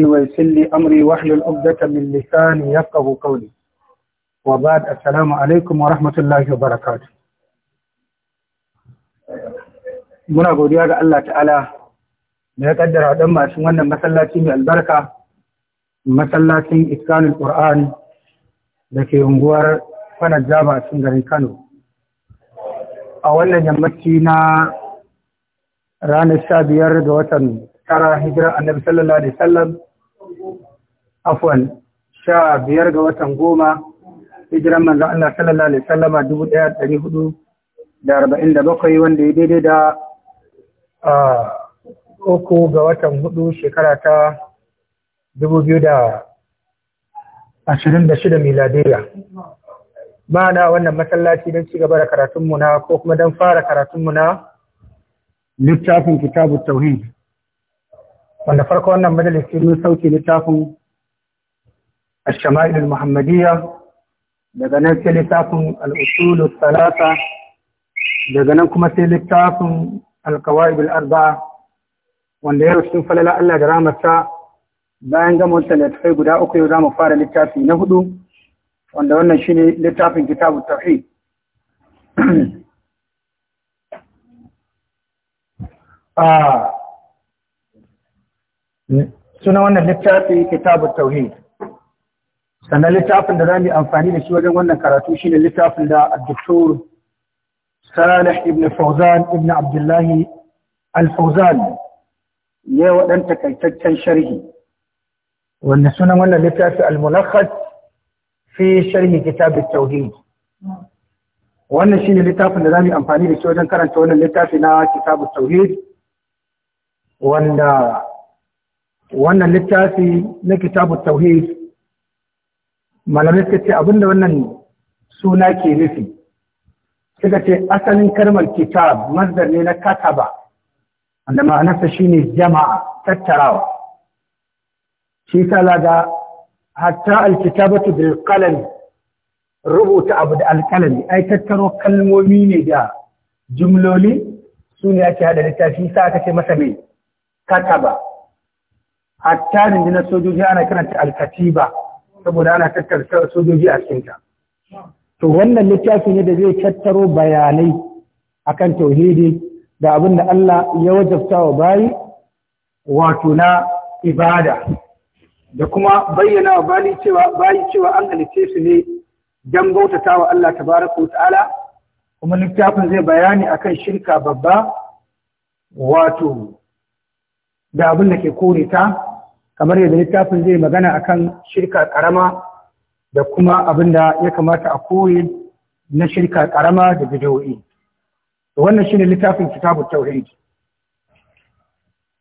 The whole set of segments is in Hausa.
ويسر لي أمري واحلل عقدة من لساني يفقه قولي وبعد السلام عليكم ورحمة الله وبركاته muna godiya ga Allah ta'ala da ya kaddara dan masu wannan masallaci mai albarka masallacin iskanul qur'an da ke unguwar fanar jaba cikin garin kano a wannan yammaci na ranar sha biyar ga watan tara hijirar annabi sallallahu alaihi wasallam afon sha biyar ga watan goma hijiran manzan Allah sallallahu alaihi sallama dubu ɗaya ɗari hudu da arba'in da bakwai wanda ya daidai da uku ga watan hudu shekara ta dubu biyu da ashirin da shida miladiya ma'ana wannan masallaci don ci gaba da karatunmu na ko kuma don fara karatunmu na littafin kitabu tauhid wanda farko wannan majalisi mun sauke littafin الشمائل Muhammadiyya. daga nan sai littafin al al'usulu salata daga nan kuma sai littafin Al-Kawai alkawai bil'arba wanda ya rushin falala Allah da ramarsa bayan gama wancan sai guda uku yau za mu fara littafi na hudu wanda wannan shi ne littafin kitabu tauhid ah suna wannan littafi kitabu tauhid sannan littafin da za mu yi amfani da shi wajen wannan karatu shine littafin da addoktor salih ibn Fawzan ibn abdullahi al fawzan ya waɗan takaitaccen sharhi Wannan sunan wannan littafi al-mulakhas fi sharhi kitab tauhid wannan shine littafin da za mu yi amfani da shi wajen karanta wannan littafi na kitab tauhid wanda wannan littafi na kitabu tauhid malamai suka ce abinda wannan suna ke nufi suka ce asalin kalmar kitab mazdar ne na kataba wanda ma'anarsa shine jama'a tattarawa shi sala da hatta alkitabatu bil qalam rubuta abu da alkalami ai tattaro kalmomi ne da jumloli su ne ake hada littafi sa aka ce masa mai kataba hatta na sojoji ana karanta alkatiba saboda ana tattara sojoji a cikinta to wannan littafi ne da zai tattaro bayanai akan tauhidi da abin da Allah ya wajabta wa bayi wato na ibada da kuma bayyana wa bayi cewa bayi cewa an halice su ne dan bautata wa Allah tabaraka wa ta'ala kuma littafin zai bayani akan shirka babba wato da abin da ke kore ta kamar yadda littafin zai magana akan shirka karama da kuma abin da ya kamata a koyi na shirka karama da bidiyoyi wannan shine littafin kitabu tauhid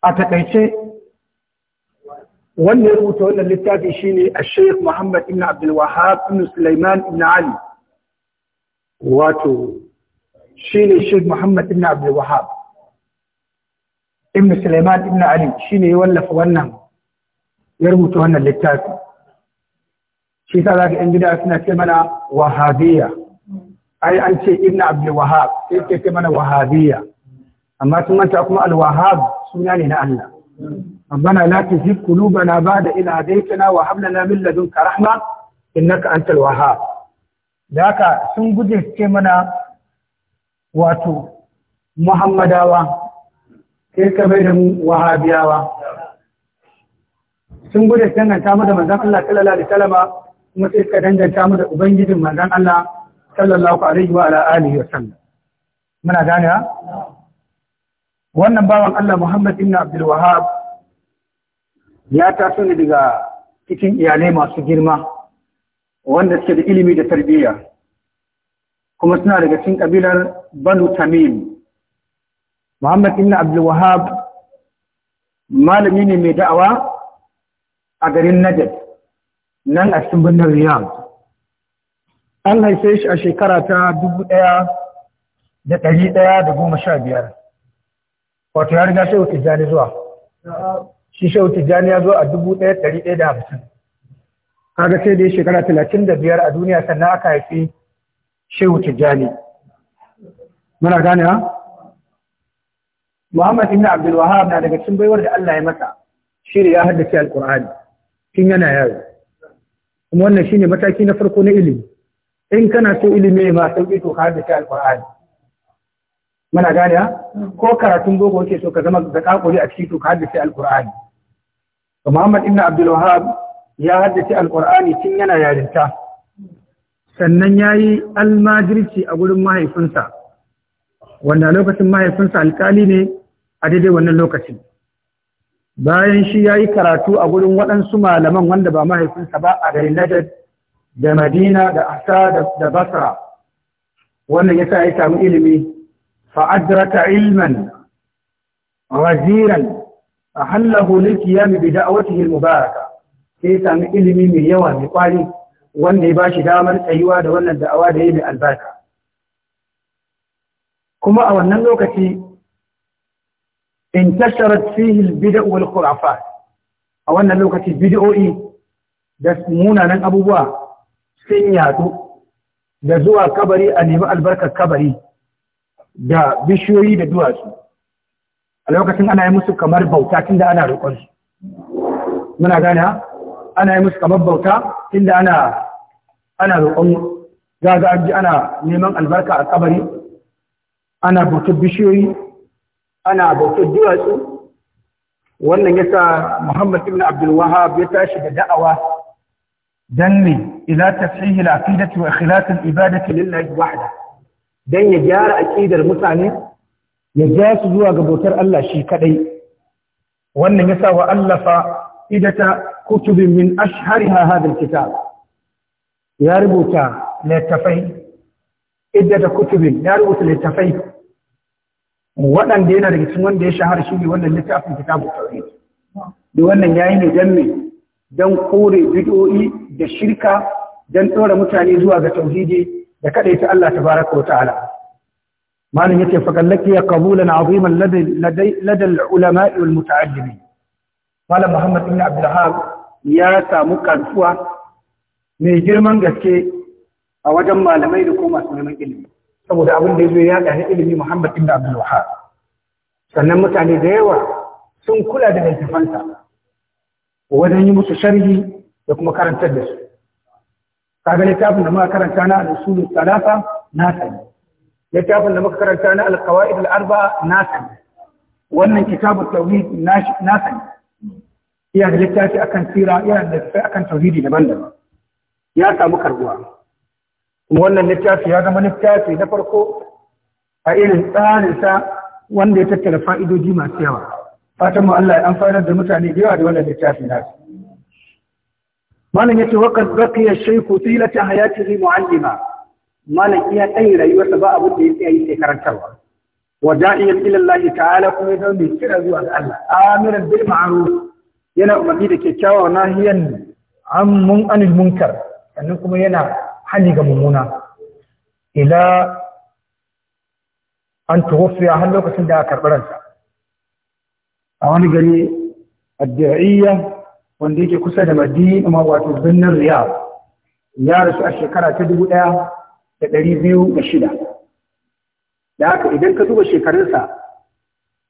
a takaice wannan rubuta wannan littafi shine a Sheikh Muhammad ibn Abdul Wahhab ibn Sulaiman ibn Ali wato shine Sheikh Muhammad ibn Abdul Wahhab ibn Sulaiman ibn Ali shine ya wallafa wannan ya rubuta wannan littafi shi ta za ka yan gida suna kai mana wahabiyya ai an ce ibn abdul wahab sai ke ce mana wahabiyya amma sun manta kuma al-wahhab suna ne na Allah ربنا لا تزغ قلوبنا بعد إذ هديتنا وهب لنا من لدنك رحمة إنك أنت الوهاب ذاك sun guje mana wato muhammadawa sai ka bai da mu wahabiyawa sun gudu danganta mu da manzon Allah sallallahu alaihi wasallam kuma sai suka danganta mu da ubangijin manzon Allah sallallahu alaihi wa alihi wasallam muna gane ha wannan bawan Allah Muhammad ibn Abdul Wahhab ya taso ne daga cikin iyalai masu girma wanda suke da ilimi da tarbiyya kuma suna daga cikin kabilar Banu Tamim Muhammad ibn Abdul Wahhab malami ne mai da'awa a garin Najad nan a cikin birnin Riyadh. An haife shi a shekara ta dubu ɗaya da ɗari ɗaya da goma sha biyar. Wato ya riga Shehu Tijjani zuwa. Shi Shehu Tijjani ya zo a dubu ɗaya ɗari ɗaya da hamsin. Kaga sai dai shekara talatin da biyar a duniya sannan aka haifi Shehu Tijjani. Muna gane ha? Muhammad ibn Abdul Wahab na daga cikin baiwar da Allah ya masa. Shi ya haddace Alƙur'ani. tun yana yaro kuma wannan shine mataki na farko na ilimi in kana so ilimi ma sauki to ka da alqur'ani muna gane ko karatun boko kake so ka zama da kakuri a cikin to ka haddace alqur'ani to Muhammad ibn Abdul Wahhab ya haddace alqur'ani tun yana yarinta sannan yayi almajirci a gurin mahaifinsa wanda lokacin mahaifinsa alkali ne a daidai wannan lokacin bayan shi ya yi karatu a wurin waɗansu malaman wanda ba mahaifinsa ba a garin Najad da Madina da Asa da Basra wannan ya sa ya samu ilimi fa'adrata ilman waziran a hallahu a wata da'awatihi mubaraka sai ya samu ilimi mai yawa mai kwari wanda ya ba shi damar tsayuwa da wannan da'awa da ya mai albarka kuma a wannan lokaci انتشرت فيه البدع والخرافات a wannan lokaci bidiyo'i da munanan abubuwa sun yadu da zuwa kabari a nemi albarkar kabari da bishiyoyi da duwatsu a lokacin ana yi musu kamar bauta tunda ana roƙonsu muna gane ana yi musu kamar bauta tunda ana ana roƙon zaga ji ana neman albarka a kabari ana bautar bishiyoyi ana bautar duwatsu wannan yasa Muhammad ibn Abdulwahab ya tashi da da'awa dan ne ila tafsih al wa ikhlas ibadati lillahi wahda dan ya gyara aqidar mutane ya ja su zuwa ga bautar Allah shi kadai wannan yasa wa allafa idata kutubin min ashhariha hadha kitab ya rubuta littafai idata kutubin ya rubuta littafai waɗanda yana daga cikin wanda ya shahara shi ne wannan littafin kitabu tauhid da wannan yayi ne dan me dan kore bid'o'i da shirka dan tsora mutane zuwa ga tauhidi da ta Allah tabaraka wa ta'ala malam yace fa kallaki ya qabulan aziman ladai ladal ulama wal muta'allimin malam muhammad ibn abdulhab ya samu karfuwa mai girman gaske a wajen malamai da kuma masu neman ilimi saboda abin da ya zo ya yada ilimi Muhammad ibn Abdul Wahhab sannan mutane da yawa sun kula da littafansa wajen yi musu sharhi da kuma karantar da su kaga littafin da muka karanta na al-usulul salasa na sani littafin da muka karanta na al-qawaid al-arba'a na sani wannan kitabut tauhid na sani iya da littafi akan sira yana da littafi akan tauhidi daban-daban ya samu karbuwa wannan littafi ya zama littafi na farko a irin tsarinsa wanda ya tattara fa'idoji masu yawa fatan mu Allah ya amfanar da mutane da yawa da wannan littafi nasu malam yace waqad baqiya shaykhu tilata hayatihi mu'allima malam iya tsayi rayuwarsa ba abin da yake yi sai karantarwa wa da'iyan ila ta'ala kuma zama mai kira zuwa ga Allah amiran bil ma'ruf yana umarni da kyakkyawa nahiyan an mun anil munkar sannan kuma yana hali ga mummuna ila an a har lokacin da aka karɓaransa a wani gari addu'iyya wanda yake kusa da madina ma wato birnin riya ya rasu a shekara ta dubu ɗaya da ɗari biyu da shida da haka idan ka duba shekarunsa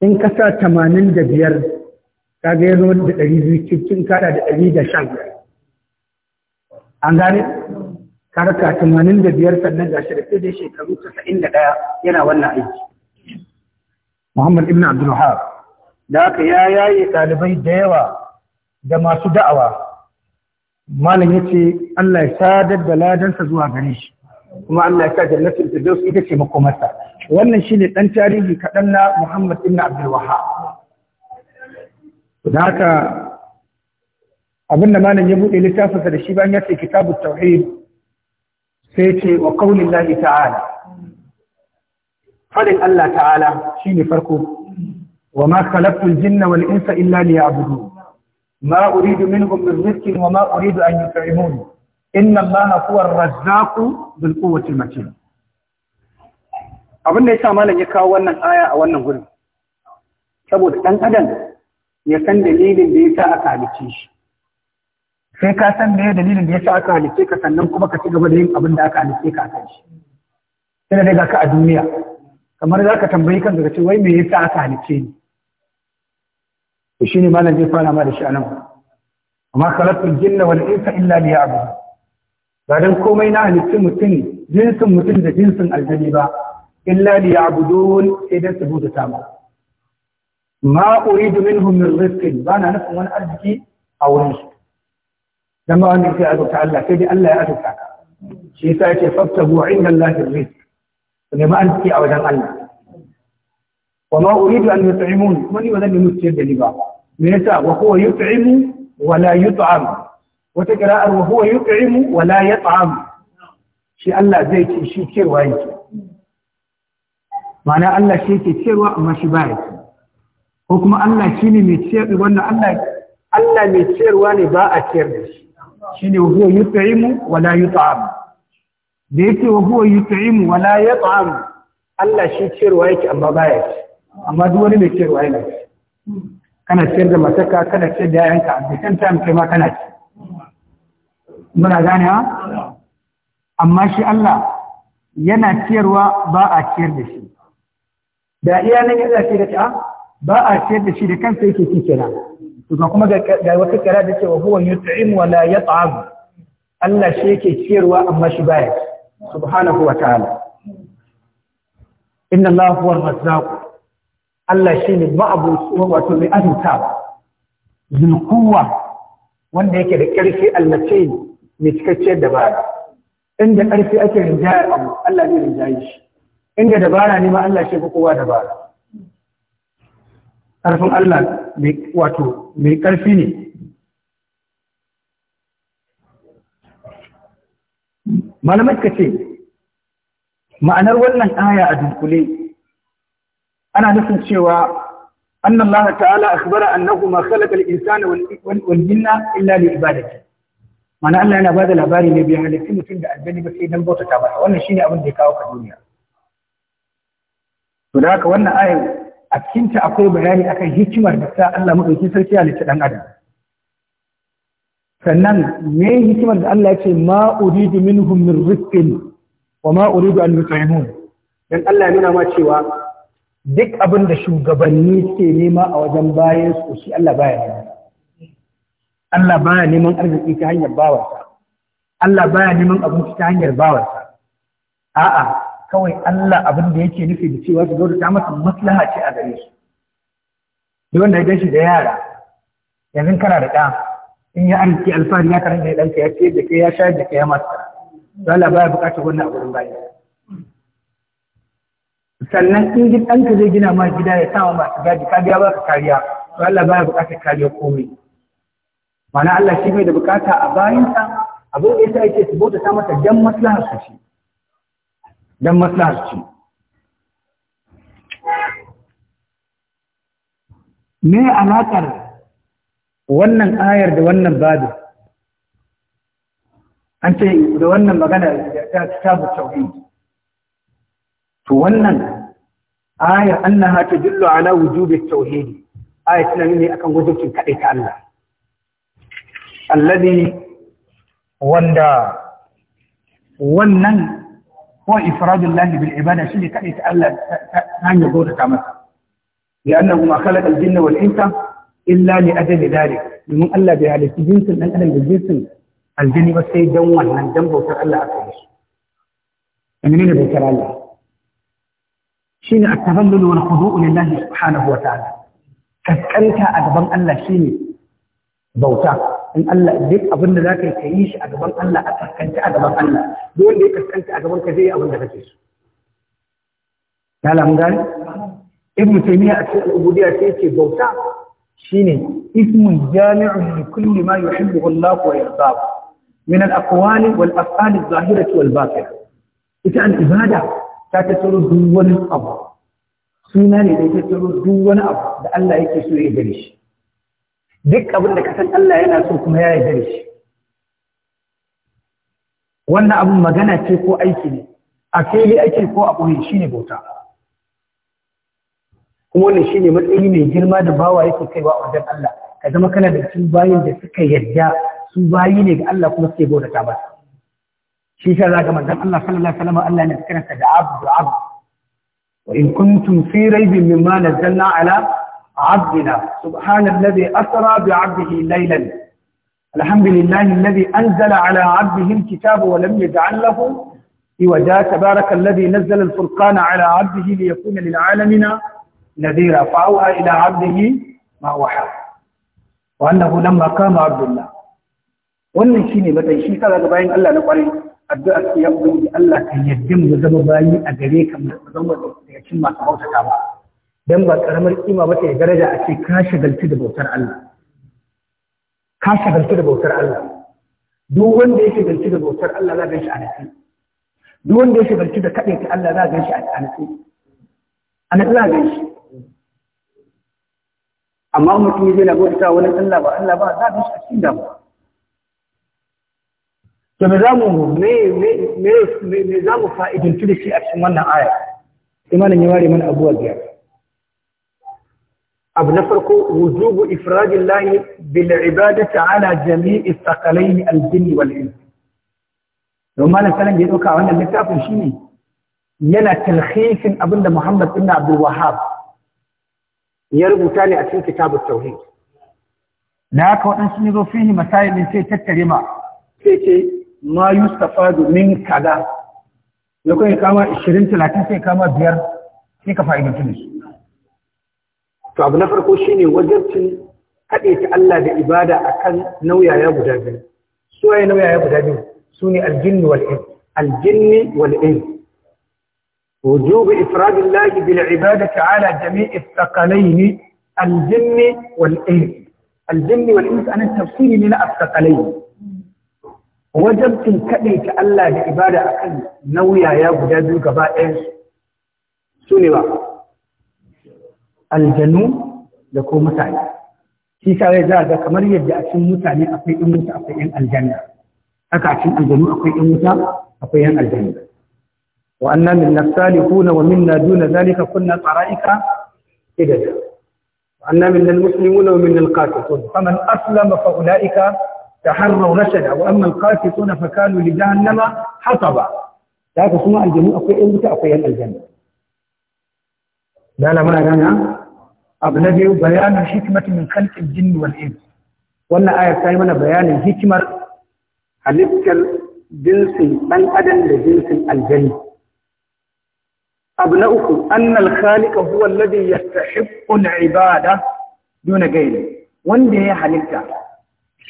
in ka sa tamanin da biyar ka gaya zama da ɗari biyu cikin kada da ɗari da shan an gane karka tamanin da biyar sannan ga shi da shekaru casa'in da ɗaya yana wannan aiki. Muhammad Ibn Wahab da aka ya yaye ɗalibai da yawa da masu da'awa. Malam ya ce Allah ya sadar da ladansa zuwa gare shi kuma Allah ya sa jannatin Firdaus ita ce makomarsa. Wannan shine ɗan tarihi kaɗan na Muhammad Ibn Wahab Da aka, abinda malam ya buɗe littafinsa da shi bayan ya ce kitabu tauhid sai ce wa ƙaunin lahi ta'ala faɗin Allah ta'ala shi ne farko wa ma khalaqtul jinna wal insa illa liya'budu ma uridu min min rizqin wa ma uridu an yut'imun inna Allaha huwa ar-razzaq bil quwwati mace. abin da ya sa malam ya kawo wannan aya a wannan gurin saboda ɗan adam ya san dalilin da sa aka halice shi sai ka san me dalilin da sa aka halice ka sannan kuma ka ci gaba da yin abin da aka halice ka akan shi sai da ga ka a duniya kamar za ka tambayi kan daga ce wai me yasa aka halice ni to shine malam zai fara ma da shi anan amma khalaqul jinna wal insa illa liya'budun ba dan komai na halitta mutum jinsin mutum da jinsin aljani ba illa liya'budun sai dan su bude ta ma ma uridu minhum min rizqin ba na nufin wani arziki a wurin dan ba wanda yake azurta Allah sai dai Allah ya azurta ka shi yasa yake fattahu inda Allah rizq to ne ma a wajen Allah wa ma uridu an yut'imun ni ba zan mutu da ni ba me yasa wa huwa yut'imu wa la yut'am wata qira'ar wa huwa yut'imu wa la yat'am shi Allah zai ci shi ciyarwa yake ma'ana Allah shi ke cewa amma shi baya. ko kuma Allah shi ne mai ciyar da wannan Allah Allah mai ciyarwa ne ba a ciyar da shi shine huwa yut'imu wa la yut'am da yake huwa yut'imu wa la yut'am Allah shi ciyarwa yake amma baya ci amma duk wani mai ciyarwa yana ci kana ciyar da mataka kana ciyar da yayanka a bisan time kai ma kana ci muna gane ha amma shi Allah yana ciyarwa ba a ciyar da shi da iya nan yana ciyar da ta ah, ba a ciyar da shi da kansa yake ci kenan to kuma ga wata kira da cewa huwa yut'im wa la yat'am Allah shi yake ciyarwa amma shi baya subhanahu wa ta'ala inna Allah huwa ar-razzaq Allah shine ma'abudu wato mai azuta zulquwa wanda yake da ƙarfi allace mai cikakkiyar dabara inda ƙarfi ake rinjayar Allah ne rinjaye shi inda dabara ne ma Allah shi kowa dabara ƙarfin Allah wato mai ƙarfi ne. Malamar ka ce, ma’anar wannan aya a dunkule, ana nufin cewa annan lana ta’ala a shubara annahu ma khalakal insani waljinna illa ne ibadaki. Mana Allah yana ba da labari ne biyan halittun mutum da albani ba sai don bauta ta ba, wannan shi abin da ya kawo ka duniya. Su da haka wannan ayin a cikinta akwai bayani akan hikimar da ta Allah maɗauki sarki a litta ɗan adam sannan me hikimar da Allah ya ce ma uridu minhum min rizqin wa ma uridu an yut'imun dan Allah ya nuna ma cewa duk abin da shugabanni suke nema a wajen bayan su shi Allah baya nema Allah baya neman arziki ta hanyar bawarsa Allah baya neman abinci ta hanyar bawarsa a'a kawai Allah abin da yake nufi da cewa su bauta masa maslaha ce a gare su Da wanda ya gashi da yara yanzu kana da ɗa in ya arziki alfahari ya karanta ya ɗanka ya ce da kai ya shayar da kai ya masu Zala baya buƙatar wannan abin gurin bayan sannan in gid ɗanka zai gina ma gida ya sama masu gadi ka biya baka kariya Zala baya buƙatar kariya komai mana Allah shi bai da buƙata a bayansa abin da ya yake su bauta ta masa jan maslaha su don maslahar su me alaƙar wannan ayar da wannan babu an ce da wannan magana ya ta kitabu tauhid to wannan ayar annaha tadullu ala wujubi tauhid ayar tana a kan wajibcin kaɗai ta Allah alladhi wanda wannan هو إفراد الله بالعبادة شيء كأي تألّى أن يقول كمسا لأنه ما خلق الجن والإنس إلا لأجل ذلك من ألا بهذا الجنس أن أدم بالجنس الجن بس يدون من جنبه كان ألا أكلش منين بيكر الله شيني التذلل والخضوع لله سبحانه وتعالى كسكنت أدبان ألا شيني بوتا إن ألا ديك أبن ذاك يعيش أدبان ألا أكسكنت أدبان ألا duk wanda ya kaskanta a gaban ka zai yi abin da kake so ya lamu gani ibnu taymiya a cikin al-ubudiyya sai yake bauta shine ismun jami'un li kulli ma yuhibbu Allah wa yarda min al-aqwali wal af'ali adh-dhahirati wal batinah ita al-ibada ta tattaro duk wani abu suna ne da ya tattaro duk wani abu da Allah yake so ya gani shi duk abin da ka san Allah yana so kuma ya yarda da shi wannan abin magana ce ko aiki ne a fili ake ko a ɓoye shi ne bauta kuma wannan shi ne matsayi mai girma da bawa yake kaiwa a wajen Allah ka zama kana da cikin bayin da suka yarda su bayi ne ga Allah kuma suke bautata masa shi shi za ga manzon Allah sallallahu alaihi wasallam Allah ne karanta da abdu abdu wa in kuntum fi raibin mimma nazzalna ala abdina subhanallazi asra bi abdihi laylan الحمد لله الذي أنزل على عبده الكتاب ولم يجعل له إوجا تبارك الذي نزل الفرقان على عبده ليكون للعالمين نذيرا فأوحى إلى عبده ما وحى وأنه لما قام عبد الله wannan shine matsayi shi kaza bayan Allah na kwarai addu'a ya ubangi Allah ka yadda mu zama bayi a gare ka mu zama daga cikin masu bautata ba dan ba karamar kima ba ta daraja a ce ka shagalci da bautar Allah ka shagaltu da bautar Allah duk wanda ya shagaltu da bautar Allah za gan shi a nasi duk wanda ya shagaltu da kaɗai ta Allah za gan shi a nasi a nasi za gan shi amma mutum zai na bauta wani Allah ba Allah ba za gan shi a cikin damuwa to me za mu me me me za mu fa'idantu shi a cikin wannan aya imanin ya ware mana abubuwa biyar abu na farko wujubu ifradin lahi bil ibadati ala jami'i thaqalain al jinni wal ins don da ya dauka wannan littafin shi ne. yana talhisin abinda Muhammad ibn Abdul Wahhab ya rubuta ne a cikin kitabut tauhid da haka waɗansu ne zo fihi masailin sai tattare ma sai ce ma yustafadu domin kada. ya kuma kama 20 30 sai kama biyar sai ka fa'idantu da su to abu na farko shine wajibcin haɗe ta Allah da ibada akan nauyaya guda biyu su waye guda biyu sune aljinni wal ins aljinni wal ins وجوب إفراد الله بالعبادة على جميع الثقلين الجن والإنس الجن والإنس أنا التفسير من الثقلين وجب تنكدي كألا لعبادة أقل نويا يا بجادو قبائل سنوا aljanu da ko mutane shi kawai za a ga kamar yadda a cikin mutane akwai ɗan wuta akwai 'yan aljanna haka a cikin aljanu akwai ɗan wuta akwai 'yan aljanna wa anna minna salihuna wa minna duna zalika kunna tsara'ika idada wa anna minna almuslimuna wa minna alqasitun faman aslama fa ulaika taharraw rashada wa amma alqasituna fa kanu li jahannama hataba da haka kuma aljanu akwai ɗan wuta akwai 'yan aljanna dala muna gana abu na biyu bayanin hikmatin min khalqil jinni wal ins wannan ayar ta yi mana bayanin hikimar halittar jinsin ɗan adam da jinsin aljani abu na uku annal khaliqa huwa alladhi yastahiqqu al-ibada duna ghayri wanda ya halitta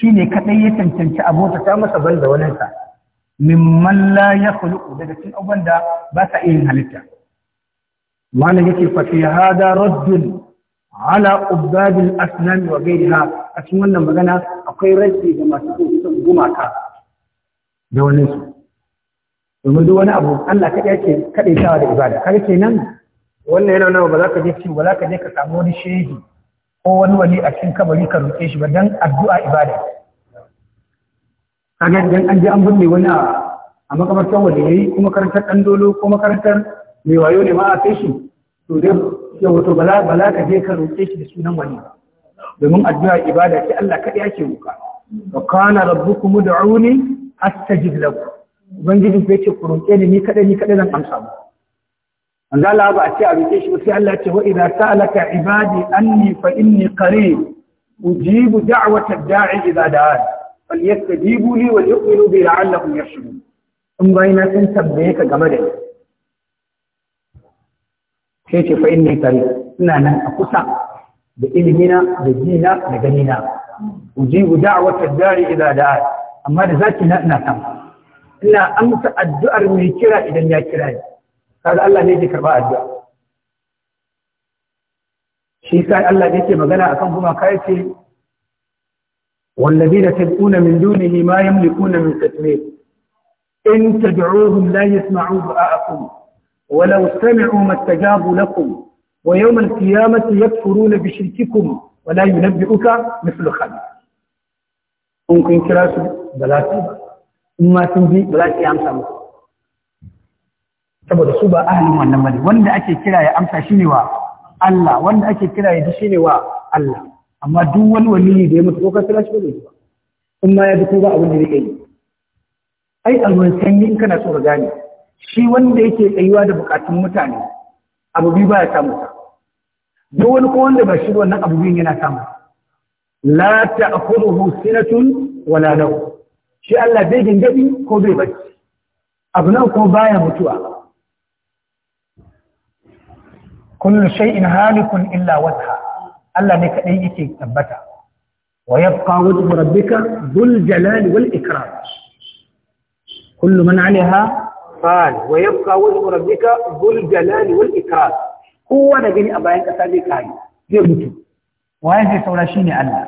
shine kadai ya cancanci abota ta masa banda walinsa mimman la yakhluqu daga cikin abubuwan ba sa iya halitta malam yake fafi hada raddun ala ubadil asnan wa ha a cikin wannan magana akwai raddi ga masu kusan gumaka da wani su domin duk wani abu Allah kaɗai ke kaɗai tawa da ibada kaga kenan wannan yana nawa ba za ka je ci ba za ka je ka samu wani shehi ko wani wani a cikin kabari ka roƙe shi ba dan addu'a ibada kaga dan an je an binne wani a makamartar waliyai karantar makarantar ɗandolo ko makarantar mai wayo ne ma a kai shi to dai ya wato bala bala ka je ka roƙe shi da sunan wani domin addu'a ibada ce Allah kaɗai ake roƙa wa kana rabbukum ud'uni astajib lakum ubangiji ya ce ku roƙe ni ni kaɗai ni kadai zan amsa ba. manzo Allah ba a ce a roƙe shi ba sai Allah ya ce wa idza sa'alaka ibadi anni fa inni qarib ujibu da'wata da'i idza da'an falyastajibu li wa yu'minu bi la'allahum yashkurun in bayna sun tambaye ka game da ni sai ce fa inni kare ina nan a kusa da ilimina da jina da ganina ujibu da'wata dari idza da'a amma da zaki na ina kan ina amsa addu'ar mai kira idan ya kira ni kaga Allah ne ke karba addu'a shi sai Allah ne yake magana akan kuma kai ce والذين تدعون من دونه ما يملكون من تسمير إن تدعوهم لا يسمعوا دعاءكم ولو سمعوا ما استجابوا لكم ويوم القيامة يكفرون بشرككم ولا ينبئك مثل خبير in kun kira su ba za su ba in ma sun bi ba za su yi amsa muku saboda su ba ahalin wannan bane wanda ake kira ya amsa shi ne wa Allah wanda ake kira ya ji shi ne wa Allah amma duk wani waliyi da ya mutu ko ka kira shi ba ba in ma ya bi ko ba abin da zai yi ai alwan sanyi in kana so ka gane shi wanda yake tsayuwa da bukatun mutane abu biyu ya samu sa duk wani ko wanda ba shi wannan abu biyun yana samu la ta'khudhuhu sinatun wala naw shi Allah bai gingadi ko bai bacci abu nan ko baya mutuwa kullu shay'in halikun illa wajha Allah ne kadai yake tabbata wa yabqa wajhu rabbika dhul jalali wal ikram kullu man 'alayha قال ويبقى وجه ربك ذو الجلال والإكرام Kowa da gani a bayan ƙasa zai kare zai mutu waye zai saura shine Allah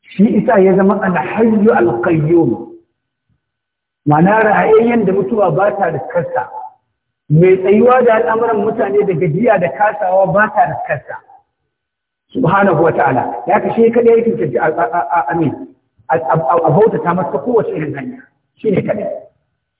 shi isa ya zama al-hayyu al-qayyum mana ra'ayin da mutuwa ba ta riskarsa mai tsayuwa da al'amuran mutane da gajiya da kasawa ba ta riskarsa subhanahu wa ya ka shi kadai yake amin a bauta ta masa kowace irin hanya shine kadai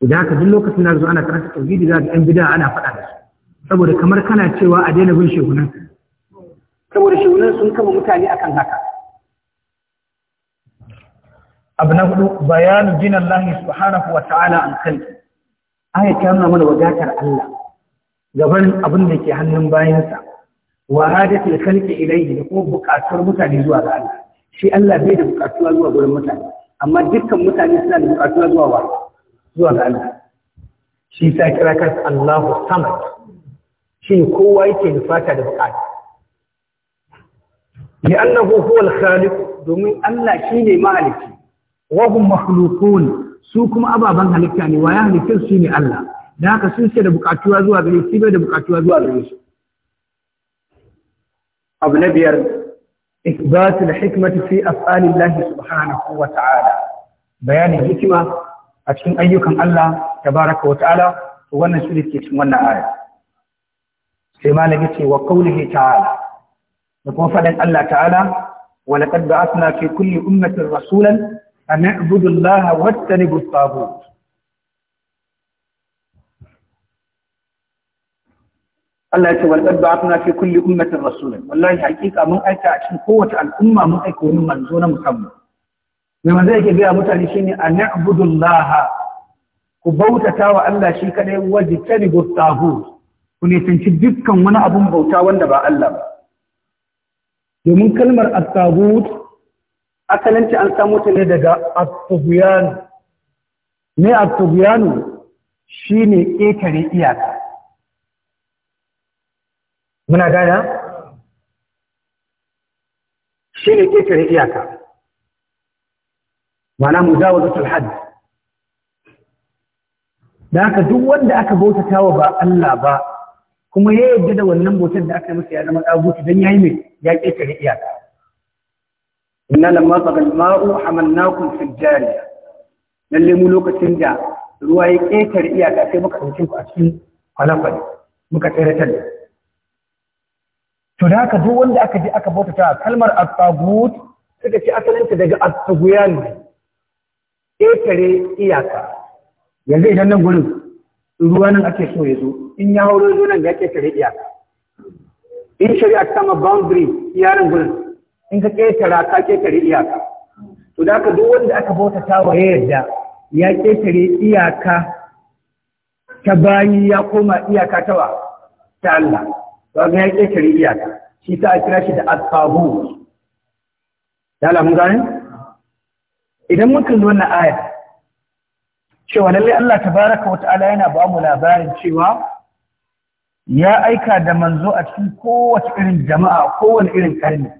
idan ka duk lokacin da zo ana karanta tauhidi za ga yan bid'a ana faɗa da su saboda kamar kana cewa a daina bin shehunan saboda shehunan sun kama mutane akan haka abu na hudu bayanu dinan Allah subhanahu wa ta'ala an khalqi aya ta nuna mana wadatar Allah gaban abin da ke hannun bayansa wa hadatul khalqi ilayhi da ko buƙatar mutane zuwa ga Allah shi Allah bai da buƙatuwa zuwa gurin mutane amma dukkan mutane suna da buƙatuwa zuwa wa zuwa ga Allah shi sa kira kansa Allahu Samad shi kowa yake nufata da bukata li Allah ko khaliq domin Allah shine maliki wa hum makhluqun su kuma ababan halitta ne wa ya halitta su ne Allah da haka sun ce da bukatuwa zuwa gare shi bai da bukatuwa zuwa gare shi abu na biyar ikbatul hikmati fi af'alillahi subhanahu wa ta'ala bayanin hikima a cikin ayyukan Allah ta baraka wa ta'ala to wannan shi ke cikin wannan aya sai malami ce wa qawlihi ta'ala da kuma faɗin Allah ta'ala wa laqad ba'athna fi kulli ummatin rasulan an na'budu Allah wa nastanibu at-taghut Allah ya ce walqad ba'athna fi kulli ummatin rasulan wallahi hakika mun aika a cikin kowace al'umma mun aika wani manzo na musamman mai manzo yake gaya mutane ne an na'budullah ku bautata wa Allah shi kadai wajtani buttahu ku ne dukkan wani abun bauta wanda ba Allah ba domin kalmar at-tagut asalin an samu ta ne daga at-tubyan ne at-tubyan shine ƙetare iyaka muna gana shine ƙetare iyaka ma'ana mujawazatul hadd da haka duk wanda aka bautata wa ba Allah ba kuma ya yarda da wannan bautar da aka masa ya zama tsagutu dan yayi mai ya ƙetare iyaka inna lamma tagal ma'u hamalnakum fil jariya lalle mu lokacin da ruwa ya ƙetare iyaka sai muka ɗauke ku a cikin kwalakwal muka tsere ta. to da haka duk wanda aka je aka bautata kalmar at-tagut suka ce asalinta daga at-tughyan ƙetare iyaka yanzu idan nan gurin ruwa nan ake so ya zo in ya hauro zo nan ya ƙetare iyaka in shari'a ta ma boundary yaran gurin in ka ƙetara ka ƙetare iyaka to da duk wanda aka bautata wa ya yarda ya ƙetare iyaka ta bayi ya koma iyaka ta wa ta Allah to ga ya ƙetare iyaka shi ta a kira shi da ashabu Dala Allah mun gane idan mun kalli wannan aya cewa lallai Allah tabaraka wata'ala yana ba mu labarin cewa ya aika da manzo a cikin kowace irin jama'a kowane irin karni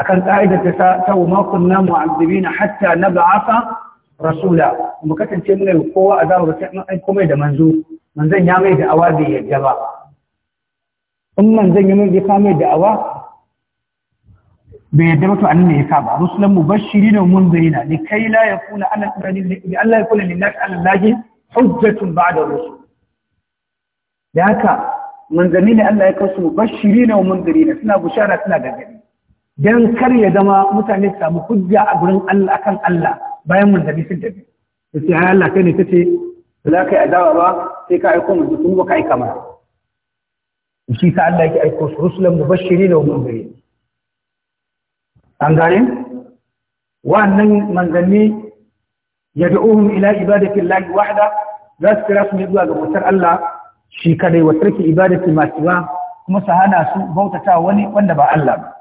akan ka'idar ta ta wa ma kunna mu'azzibina hatta nab'atha rasula mu kasance muna yi kowa a zamu sai an aiko mai da manzo manzon ya mai da awa bai yadda ba in manzon ya mai da awa bai yadda ba to annabi ya saba rusulan mubashirina wa munzirina likai la yakuna ala li Allah ya kula yakuna lillahi ala Allah hujjatun ba'da rusul da haka manzanni ne Allah ya kawo mubashirina wa na. suna bushara suna gargadi dan kar ya zama mutane su samu hujja a gurin Allah akan Allah bayan manzanni sun tafi sai ai Allah kai ne kace ba za ka yi adawa ba sai ka aiko mu dukun ba ka aika mana shi sa Allah yake aiko rusulan mubashirina wa munzirina an gane wannan manzanni ya da ohun ila ibadatin lagi wahada za su kira su ne zuwa ga mutar Allah shi kadai wa tsarki ibadatin masu ba kuma su hana su bautata wani wanda ba Allah ba.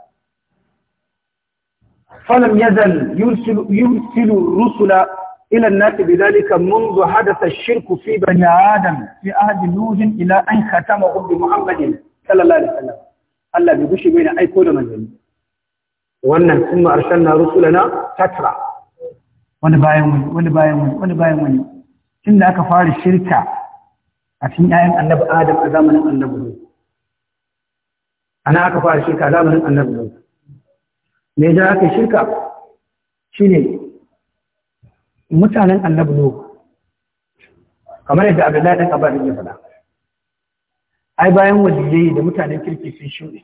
Falam yazal yursilu rusula ilan nasi bi dalika munzu hadatha shirku fi bani adam fi ahdi nuhin ila an khatama ummi muhammadin sallallahu alaihi wasallam Allah bai gushi bai na aiko da mangani. wannan sun ma'arshen na rusulana tatra wani bayan wani wani bayan wani wani bayan wani tun da aka fara shirka a cikin 'ya'yan annabi adam a zamanin annabi ne ana aka fara shirka a zamanin annabi ne me da aka shirka shine mutanen annabi ne kamar yadda abdullahi dan abba ya faɗa ai bayan waliyai da mutanen kirki sun shuɗe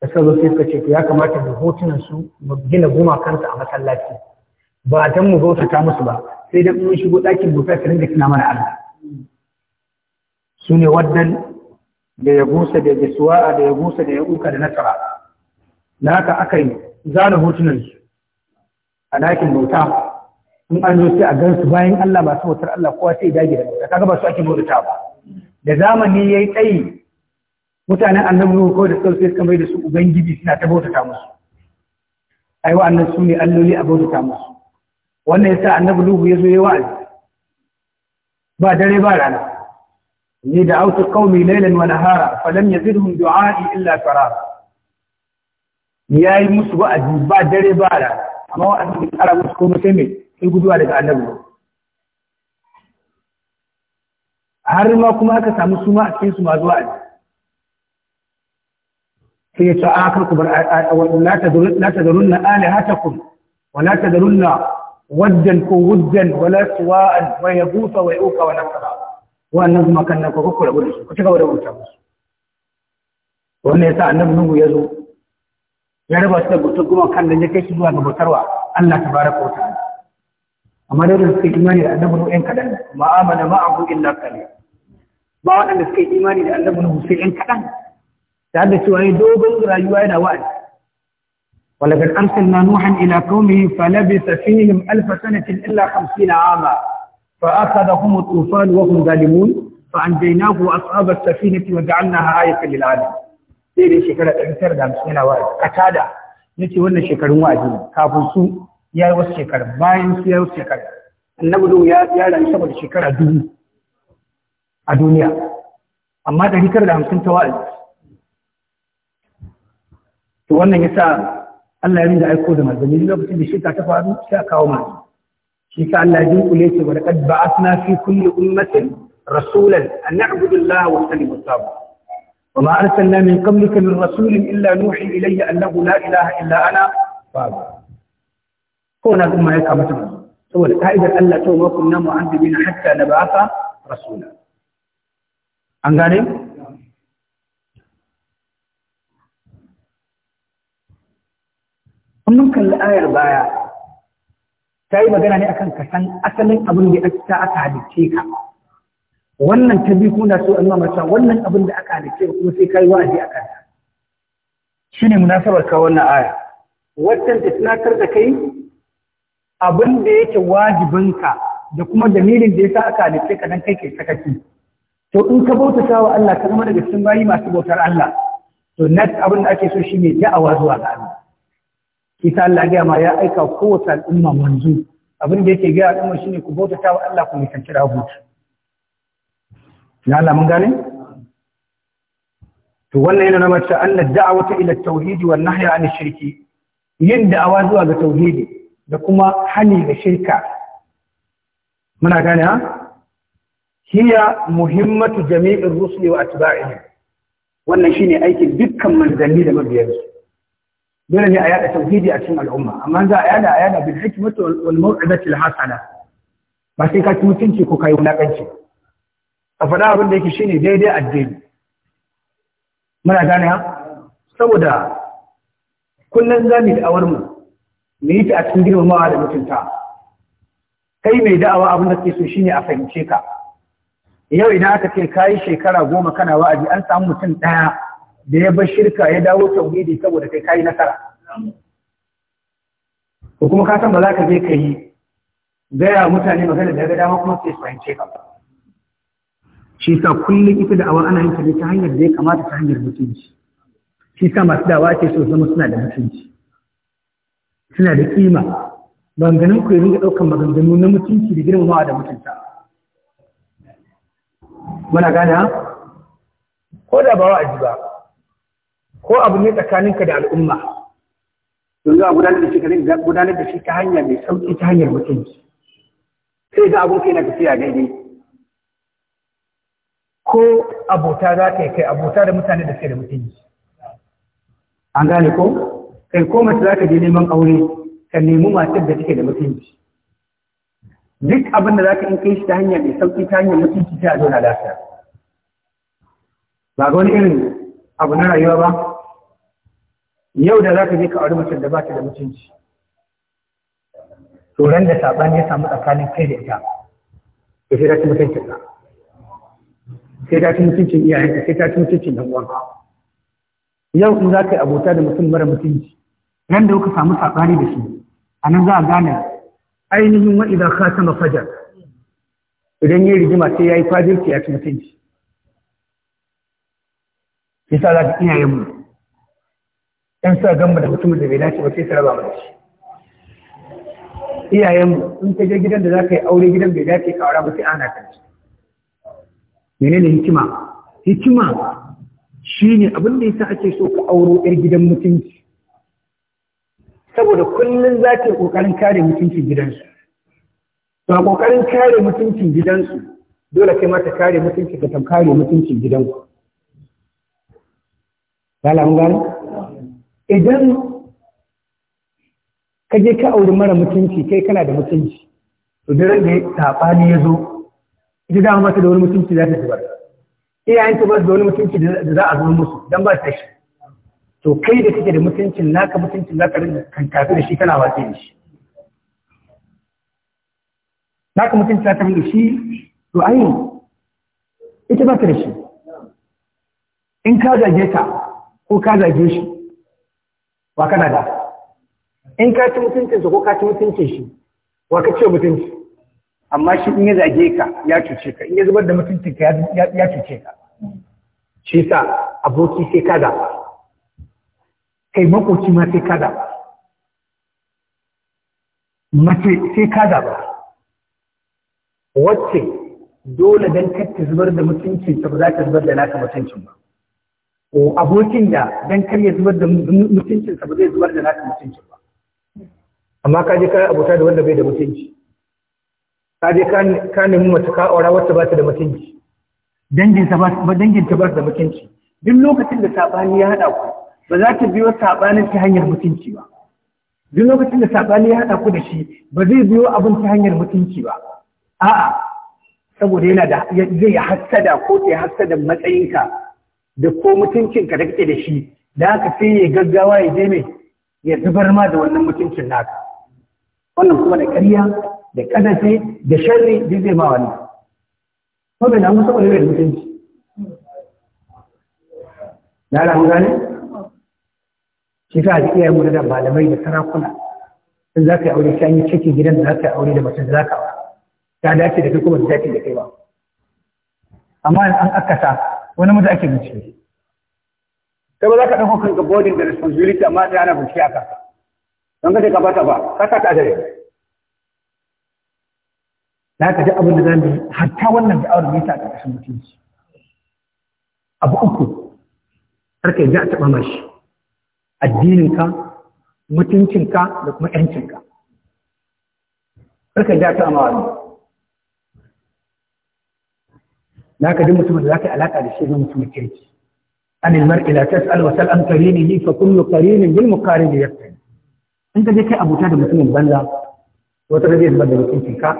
da suka sai suka ce ya kamata mu hotunan su mu gina gumakansu a masallaci ba can mu bautata musu ba sai dan mun shigo ɗakin bauta su ringa tuna mana Allah su ne waddan da ya gusa da ya suwa'a da ya gusa da ya uka da nasara na haka aka yi zana hotunan su a ɗakin bauta in an zo sai a gan su bayan Allah ba su wutar Allah kowa sai ya dage da bauta kaga ba su ake bautata ba da zamani yayi tsayi mutanen annabi nuhu kawai da sauke suka mai da su ubangiji suna ta bautata musu ai wa'annan su ne alloli a bautata musu wannan yasa annabi nuhu ya zo ya wa'azi ba dare ba rana ni da autu qaumi laylan wa nahara falam yazidhum du'a'i illa farara yayi musu wa'azi ba dare ba rana amma wa'azi kara musu komai sai mai sai guduwa daga annabi har ma kuma aka samu su ma a cikin su ma zuwa sai ya ce a kan ku bar la tadrunna alihatakum wa la tadrunna waddan ko wuddan wa la suwa'an wa yaghutha wa yauqa wa nasra wannan zuma kan nan ku ku rabu da ku ci gaba da wuta musu wannan yasa annabi nuhu ya zo ya raba su da gutu kuma kan nan ya kai zuwa ga bautarwa Allah tabaraka wa ta'ala amma da suka imani da annabi nuhu ɗan kaɗan ma amana ma'ahu illa qalil ba waɗanda suka imani da annabi nuhu sai ɗan kaɗan ta da cewa yi dogon rayuwa yana wa'azi ولقد أرسلنا da kuma tufan فلبث فيهم ألف سنة إلا خمسين عاما فأخذهم الطوفان وهم ظالمون فأنجيناه وأصحاب السفينة وجعلناها آية للعالم sai shekara ɗari tara da hamsin yana wa'azi katada ya ce wannan shekarun wa'azi ne kafin su ya yi wasu shekara bayan su ya yi wasu shekara annabi ya rayu saboda shekara dubu a duniya amma ɗari tara da hamsin ta wa'azi to wannan yasa Allah ya rinda aiko da manzanni lokacin da shirka ta faru sai a kawo manzanni shi ka Allah jin kule ce wa laqad ba'athna fi kulli ummatin rasulan an na'budu Allah wa nusallimu alayhi wa ma arsalna min qablika min rasulin illa nuhi ilayya annahu la ilaha illa ana fa'budu ko na kuma ya kamata mu saboda ka'idar Allah ta wa kunna mu'adibina hatta nab'atha rasula an gane mun kalli ayar baya ta yi magana ne akan ka san asalin abin da aka aka halicce ka wannan ta biyu kuna so a nuna masa wannan abin da aka halicce ka kuma sai kai wa'azi a kanta shine munasabar ka wannan aya wannan ta tunatar da kai abin da yake wajibinka da kuma dalilin da yasa aka halicce ka dan kai kai sakaci to in ka bautata wa Allah ka zama daga cikin bayi masu bautar Allah to nas abin da ake so shine da'awa zuwa ga Allah kisa Allah gaya ma ya aika kowace al'umma manzo abin da yake gaya al'umma shine ku bautata wa Allah ku nisanci rahutu na Allah mun gane to wannan yana nuna cewa Allah da'awata ila tauhidi wa nahya an shirki yin da'awa zuwa ga tauhidi da kuma hani ga shirka muna gane ha hiya muhimmatu jami'ir rusuli wa atba'ihim wannan shine aikin dukkan manzanni da mabiyansu dole ne a yada tauhidi a cikin al'umma amma za a yada a yada bil hikmatu wal maw'izati al hasana ba sai ka ci mutunci ko kai wulakanci a faɗa abin da yake shine daidai addini muna gane ha saboda kullun zamu da awarmu mu mu yi ta a cikin girmamawa da mutunta kai mai da'awa abin da kake so shine a fahimce ka yau idan aka ce kai shekara goma kana wa'azi an samu mutum ɗaya da ya bar shirka ya dawo tauhidi saboda kai kai nasara ko kuma ka san ba za ka je ka yi gaya mutane magana da ga dama kuma sai su fahimce ka shi sa kullum ita da awar ana yin ta ta hanyar da ya kamata ta hanyar mutunci shi sa masu dawa ce su zama suna da mutunci suna da kima ganin ku ringa ɗaukan maganganu na mutunci da girmamawa da mutunta muna gana ko da ba wa'azi ba ko abu ne tsakaninka da al'umma za a gudanar da shi ka gudanar da shi ta hanya mai sauƙi ta hanyar mutunci sai ga abokai na tafiya daidai ko abota za ka yi kai abota da mutane da suke da mutunci an gane ko kai ko mace za ka je neman aure ka nemi matar da take da mutunci duk abin da za ka in kai shi ta hanya mai sauƙi ta hanyar mutunci sai a zauna lafiya ba ga wani irin abu na rayuwa ba yau da za ka je ka auri mutum da ba ta da mutunci tsoron da saɓani ya samu tsakanin kai da ita to sai ta ci mutuncin ka sai ta ci mutuncin iyayenka sai ta ci mutuncin ɗan uwanka yau in za ka yi abota da mutum mara mutunci nan da kuka samu saɓani da shi a nan za a gane ainihin idan ka sama fajar idan yi rigima sai ya yi fajirci ya ci mutunci. Yasa za ka iyayenmu yan sa gamba da mutumin da bai dace ba sai ta raba mace. shi iyayenmu in ka je gidan da za ka yi aure gidan bai dace ka aura ba sai ana kan shi menene hikima hikima Shi ne abin da sa ake so ka auro yar gidan mutunci saboda kullum za ta yi ƙoƙarin kare mutuncin gidansu to a kare mutuncin gidansu dole kai mata kare mutunci ka kare mutuncin gidanku. Lala mun idan ka je ka auri mara mutunci kai kana da mutunci to da rage sabani ya zo ita dama mata da wani mutunci za ta zubar iyayen ta ba da wani mutunci da za a zo musu dan ba ta shi to kai da kake da mutuncin naka mutuncin za ka rinka kankafi da shi kana watsi da shi naka mutuncin za ka rinka shi to ai ita ba ta da shi in ka zage ta ko ka zage shi wa kana da in ka ci mutuncinsa ko ka ci mutuncin shi wa ka ce mutunci amma shi in ya zage ka ya cuce ka in ya zubar da mutuncin ka ya cuce ka shi sa aboki sai kada kai makoci ma sai kada mace sai kada ba wacce dole don kacce zubar da mutuncin ta ba za ta zubar da naka mutuncin ba abokin da dan kar ya zubar da mutuncinsa ba zai zubar da naka mutuncin ba amma ka je ka abota da wanda bai da mutunci ka je ka nemi mace ka aura wacce ba ta da mutunci danginta ba da mutunci duk lokacin da sabani ya haɗa ku ba za ta biyo sabanin ta hanyar mutunci ba duk lokacin da sabani ya haɗa ku da shi ba zai biyo abin ta hanyar mutunci ba a'a saboda yana da zai hassada ko ta hassada matsayinka da ko mutuncin ka da da shi da haka sai ya gaggawa ya je mai ya zubar ma da wannan mutuncin naka wannan kuma da ƙarya da ƙadace da sharri da zai ma wannan ko bai namu saboda da mutunci na da gane shi ta ake iyayen wani da malamai da sarakuna sun za ka yi aure shanyi yi cikin gidan da za ka yi aure da mutum za ka ta dace da kai kuma da dace da kai ba amma an akasa wani mutu ake bincike Sai ba za ka ɗauko kanka bodin da responsibility amma da ana bincike a kasa don ka ka bata ba ka ka ta gare Za ka ji abin da za mu yi hatta wannan da auren mita a ƙarƙashin mutunci abu uku har ka yi a taɓa mashi addininka mutuncinka da kuma ‘yancinka har ka yi a taɓa mawa na ka duk mutumin da za ka yi alaƙa da shi zai mutumin kirki an ilmar ila tas'al wa sal'an qarini fa kullu qarinin bil muqarin yaqtani in ka je kai abuta da mutumin banza wata da zai zubar da mutuncin ka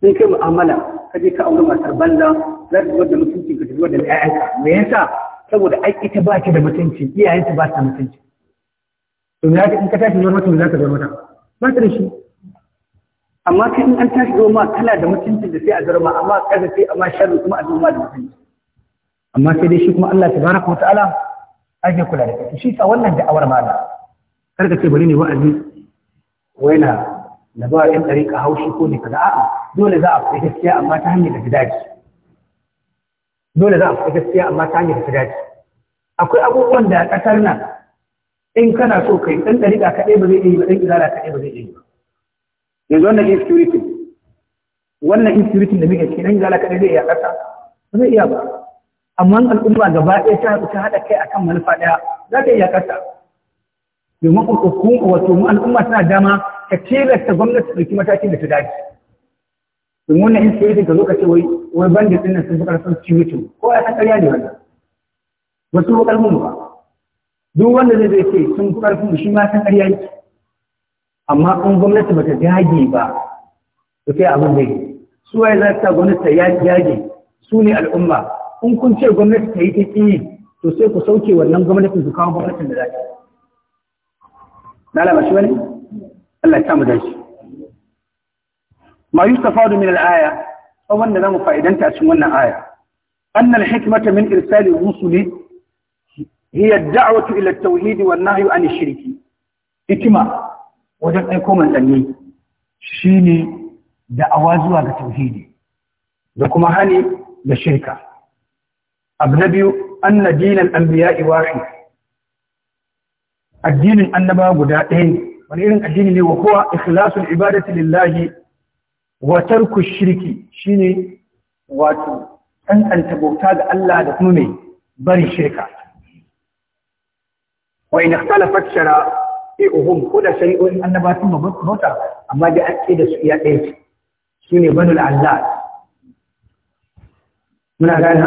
sai kai mu'amala ka je ka aure matar banza za ta zubar da mutuncin ka zubar da ƴaƴanka me yasa saboda ai ita ba ta da mutunci iyayenta ba ta mutunci to ya in ka tashi zuwa mutum za ka zuwa mata ba ta da shi amma kai in an tashi zoma kana da mutuncin da sai a zarma amma kada sai amma sharri kuma a zama da mutunci amma sai dai shi kuma Allah tabaraka wa ta'ala ake kula da kai shi sa wannan da'awar awar mala kar ka ce bari ne wa'azi wai na na ba yan dariƙa haushi ko ne kaza a'a dole za a fita gaskiya amma ta hanyar da ta dace dole za a fita gaskiya amma ta hanyar da ta dace akwai abubuwan da ƙasar nan in kana so kai dan dariƙa kaɗai ba zai iya yi ba dan izara kaɗai ba zai iya yi ba yanzu wannan insecurity wannan insecurity da muke cikin yanzu alaka zai iya ƙasa, ba zai iya ba amma al'umma gaba ɗaya ta ta haɗa kai akan manufa ɗaya za ta iya ƙasa. domin ku wato mu al'umma suna dama ka tilasta gwamnati ta ɗauki matakin da ta dace domin wannan insecurity ka zo ka ce wai wai bandit ɗin nan sun fi ƙarfin security ko ya san ƙarya ne wannan wasu ƙarfin ba duk wanda zai zai ce sun fi ƙarfin shi ma san ƙarya yake amma in gwamnati ba ta dage ba to sai abin da su waye za ta gwamnati ta yage su ne al'umma in kun ce gwamnati ta yi ta ƙi to sai ku sauke wannan gwamnatin su kawo gwamnatin da za ta lalaba shi wani Allah ya samu dashi ma yustafadu min al-aya tsawon da zamu fa'idanta cikin wannan aya أن الحكمة من إرسال الرسل هي الدعوة إلى التوحيد والنهي عن الشرك حكمة wajen aiko manzanni shine da'awa zuwa ga tauhidi da kuma hani da shirka abu na biyu anna dinan anbiya'i wahid addinin annaba guda ɗaya ne wani irin addini ne wa kowa ikhlasul Ibadatu lillahi wa tarku shirki shine wato ɗanɗanta bauta ga Allah da kuma mai bari shirka wa in shari'uhum ko da shari'o'in annaba sun ba mota amma dai an ce da su iya ɗaya su ne banul Allah muna gana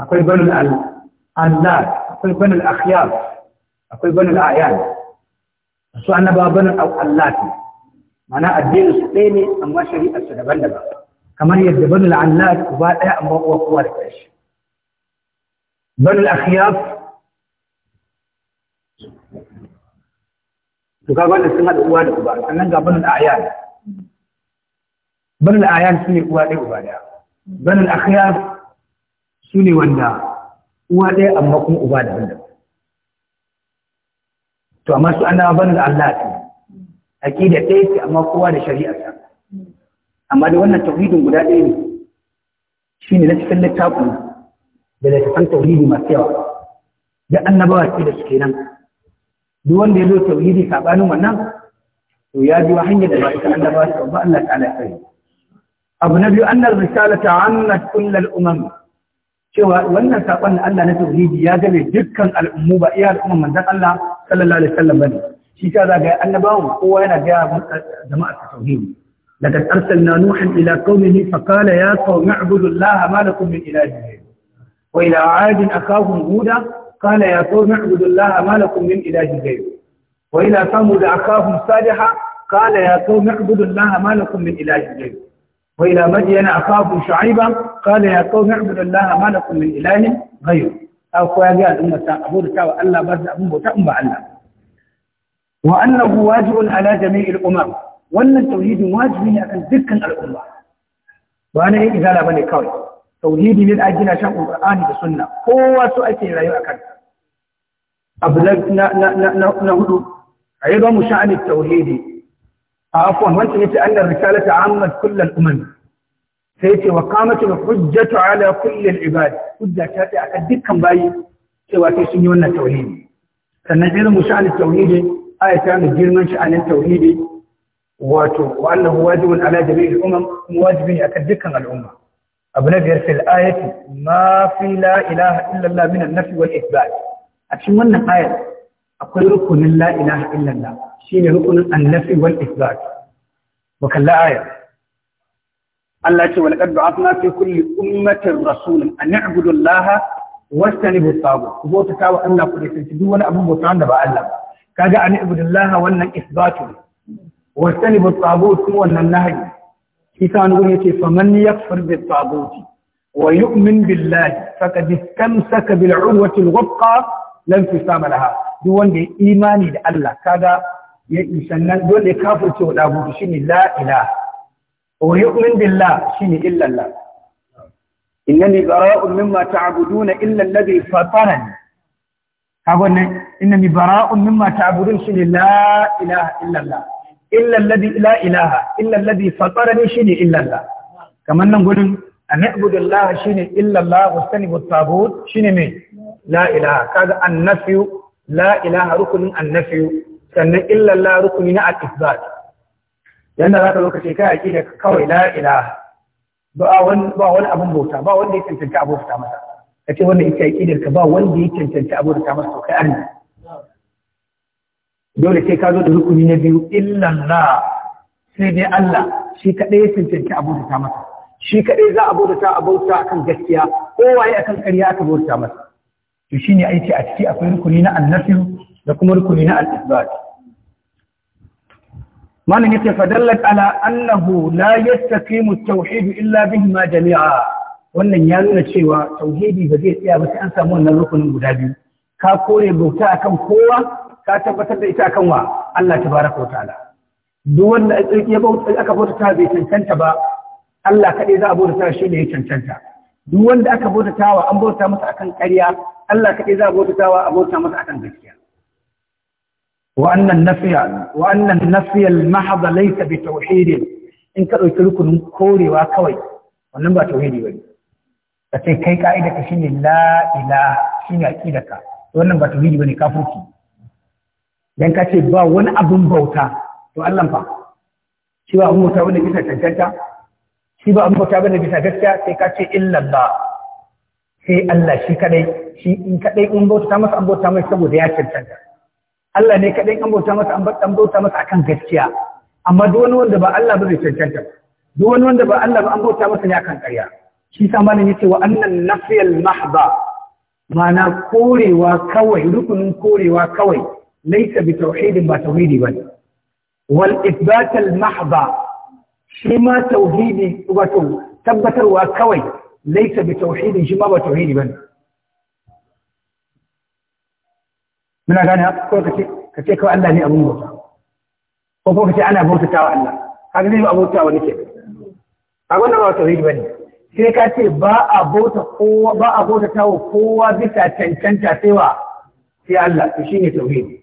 akwai banul Allah akwai banul akhyar akwai banul ayan su annaba banul Allah ne mana addini su ɗaya ne amma shari'ar su daban-daban kamar yadda banul Allah ba ɗaya amma uwa kowa da kashi banul akhyar to kaga sun haɗa uwa da uba sannan ga banul ayan banul ayan sune uwa ɗaya uba ɗaya banul akhyar sune wanda uwa ɗaya amma kuma uba daban daban to amma su annabawa banul allah ne aqida ɗaya su amma kowa da shari'a ta. amma da wannan tauhidin guda ɗaya ne shi ne na cikin littafin da da tauhidi masu yawa da annabawa ce da suke nan duk wanda ya zo tauhidi sabanin wannan to ya biyo hanyar da ba ita annaba ta ba Allah ta'ala sai abu na biyu annar risalata annat kullal umam cewa wannan sakon da Allah na tauhidi ya gabe dukkan al'ummu ba iya al'umman manzon Allah sallallahu alaihi wasallam bane shi ta zaga annabawan kowa yana ga jama'a ta tauhidi لقد أرسلنا نوحا إلى قومه فقال يا قوم اعبدوا الله ما لكم من إله غيره وإلى عاد أخاهم هودا قال يا قوم اعبدوا الله ما لكم من إله غيره وإلى ثمود أخاهم صالحا قال يا قوم اعبدوا الله ما لكم من إله غيره وإلى مدين أخاهم شعيبا قال يا قوم اعبدوا الله ما لكم من إله غيره أو قال امه أبود تاو الله برد أبو تأم الله وأنه واجب على جميع الأمم وأن التوحيد واجب على ذكر الأمة وأنا إذا لا بني كوي توحيدي للأجل شان القرآن والسنة هو سؤال رأيو أكثر abu na hudu a yi mu sha'anin tauhidi a afuwan wancan yace annar risalata Ahmad kullal Umar, sai ce wa kamatul hujjatu ala kullil ibad hujja ta ce akan dukkan bayi cewa sai sun yi wannan tauhidi sannan ilmu sha'anin tauhidi ayata mai girman sha'anin tauhidi wato wa annahu wajibun ala jami'il umam kuma wajibi ne akan dukkan al'umma abu na biyar fil ayati ma fi la ilaha illa allah min an-nafi wal ithbat a cikin wannan ayar akwai rukunin la ilaha illallah shine rukunin annafi wal isbat wa kalla ayar Allah ce walaqad ba'athna fi kulli ummatin rasulan an na'budu Allah wa nastanibu at-taghut ta wa Allah ku da duk wani abin bauta wanda ba Allah ba kaga an na'budu Allah wannan isbatu wa nastanibu at-taghut kuma wannan nahyi kisa an gure ce faman yakfur bit-taghut ويؤمن بالله فقد استمسك بالعروة الوثقى lan fi sama laha duk wanda ya imani da Allah kaga ya sannan dole ya kafirce wa shi shine la ilaha wa yu'min billah shine illa Allah innani bara'un mimma ta'buduna illa alladhi fatarani kaga wannan innani bara'un mimma ta'budun shine la ilaha illa Allah illa alladhi la ilaha illa alladhi fatarani shine illa Allah kamar nan gurin an na'budu Allah shine illa Allah wa sanibu at-tabut shine me la ilaha kaga annafiyu la ilaha rukunin annafiyu sannan illallah rukuni na al-isbat yanda zaka lokaci kai aqida kawai la ilaha ba wani ba wani abun bauta ba wanda ya cancanta abu bauta masa kace wanda yake aqidar ka ba wanda ya cancanta abu bauta masa kai arni dole sai ka zo da rukuni na biyu illallah sai dai Allah shi kadai ya cancanta abu bauta masa shi kadai za a bauta a bauta akan gaskiya kowaye akan ƙarya aka bauta masa to shine aiki a ciki akwai rukuni na annafi da kuma rukuni na al-isbat ya ce, fadallat ala annahu la yastaqimu mu tauhid illa ma jami'a wannan ya nuna cewa tauhidi ba zai tsaya ba sai an samu wannan rukunin guda biyu ka kore bauta kan kowa ka tabbatar da ita akan wa Allah baraka wa ta'ala duk wanda aka bauta aka bauta ta bai cancanta ba Allah kaɗai za a bauta shi ne ya cancanta duk wanda aka bautatawa an bauta masa akan ƙarya Allah kaɗai za a bautatawa a bauta masa akan gaskiya wa annan nafiya wa annan nafiya al-mahd laysa bi tauhid in ka dauki rukunin korewa kawai wannan ba tauhidi bane sai kai kaida ka shine la ilaha shine ka. wannan ba tauhidi bane kafirci dan ce ba wani abun bauta to Allah fa shi ba mu ta wanda kisa tantanta shi ba abin bauta bane bisa gaskiya sai ka ce illallah sai Allah shi kadai shi in kadai in bauta masa an bauta masa saboda ya cancanta Allah ne kadai an bauta masa an bauta masa akan gaskiya amma duk wani wanda ba Allah ba zai cancanta duk wani wanda ba Allah ba an bauta masa ne akan ƙarya shi sa malam yace wa annan nafiyal mahba ma'ana korewa kawai rukunin korewa kawai laysa bi tauhidin ba tauhidi bane wal ithbatal mahba shi ma tauhidi wato tabbatarwa kawai laisa bi tauhidi shi ma ba tauhidi bane muna gane ko kace kace ko Allah ne abun bauta ko ko kace ana bautatawa Allah kaga ne bautawa nake a wannan ba tauhidi bane sai ka ce ba a bauta kowa ba a bautatawa kowa bisa cancanta sai wa sai Allah to shine tauhidi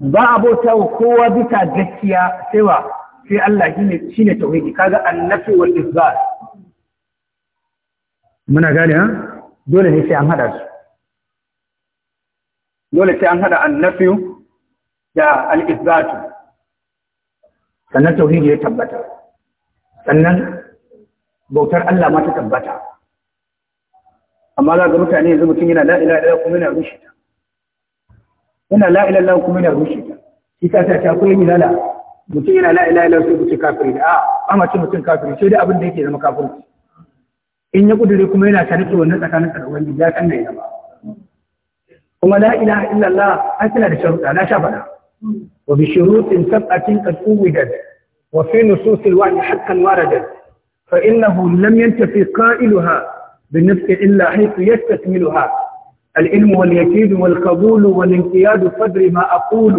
ba a bautawa kowa bisa gaskiya sai wa sai Allah shi ne tauhidi kaga annafi wal isbat muna gane ha dole ne sai an hada su dole sai an hada annafi da al isbat sannan tauhidi ya tabbata sannan bautar Allah ma ta tabbata amma za ga mutane yanzu mutum yana la ilaha illallah kuma yana rushe ta yana la ilaha illallah kuma yana rushe ta shi ta ta kullum ilala mutum yana la ilaha illallah sai ku ce kafiri da a amma ce mutum kafiri sai dai abin da yake zama kafirci in ya kudure kuma yana ta da wannan tsakanin sa da wani ya san da ya ba kuma la ilaha illallah an tana da sharuɗa na sha faɗa wa bi shurutin sab'atin qad uwidat wa fi nususil wa'd haqqan waradat fa innahu lam yantafi qa'iluha bi nafsi illa haythu yastakmiluha العلم واليكيد والقبول والانقياد فدر ما أقول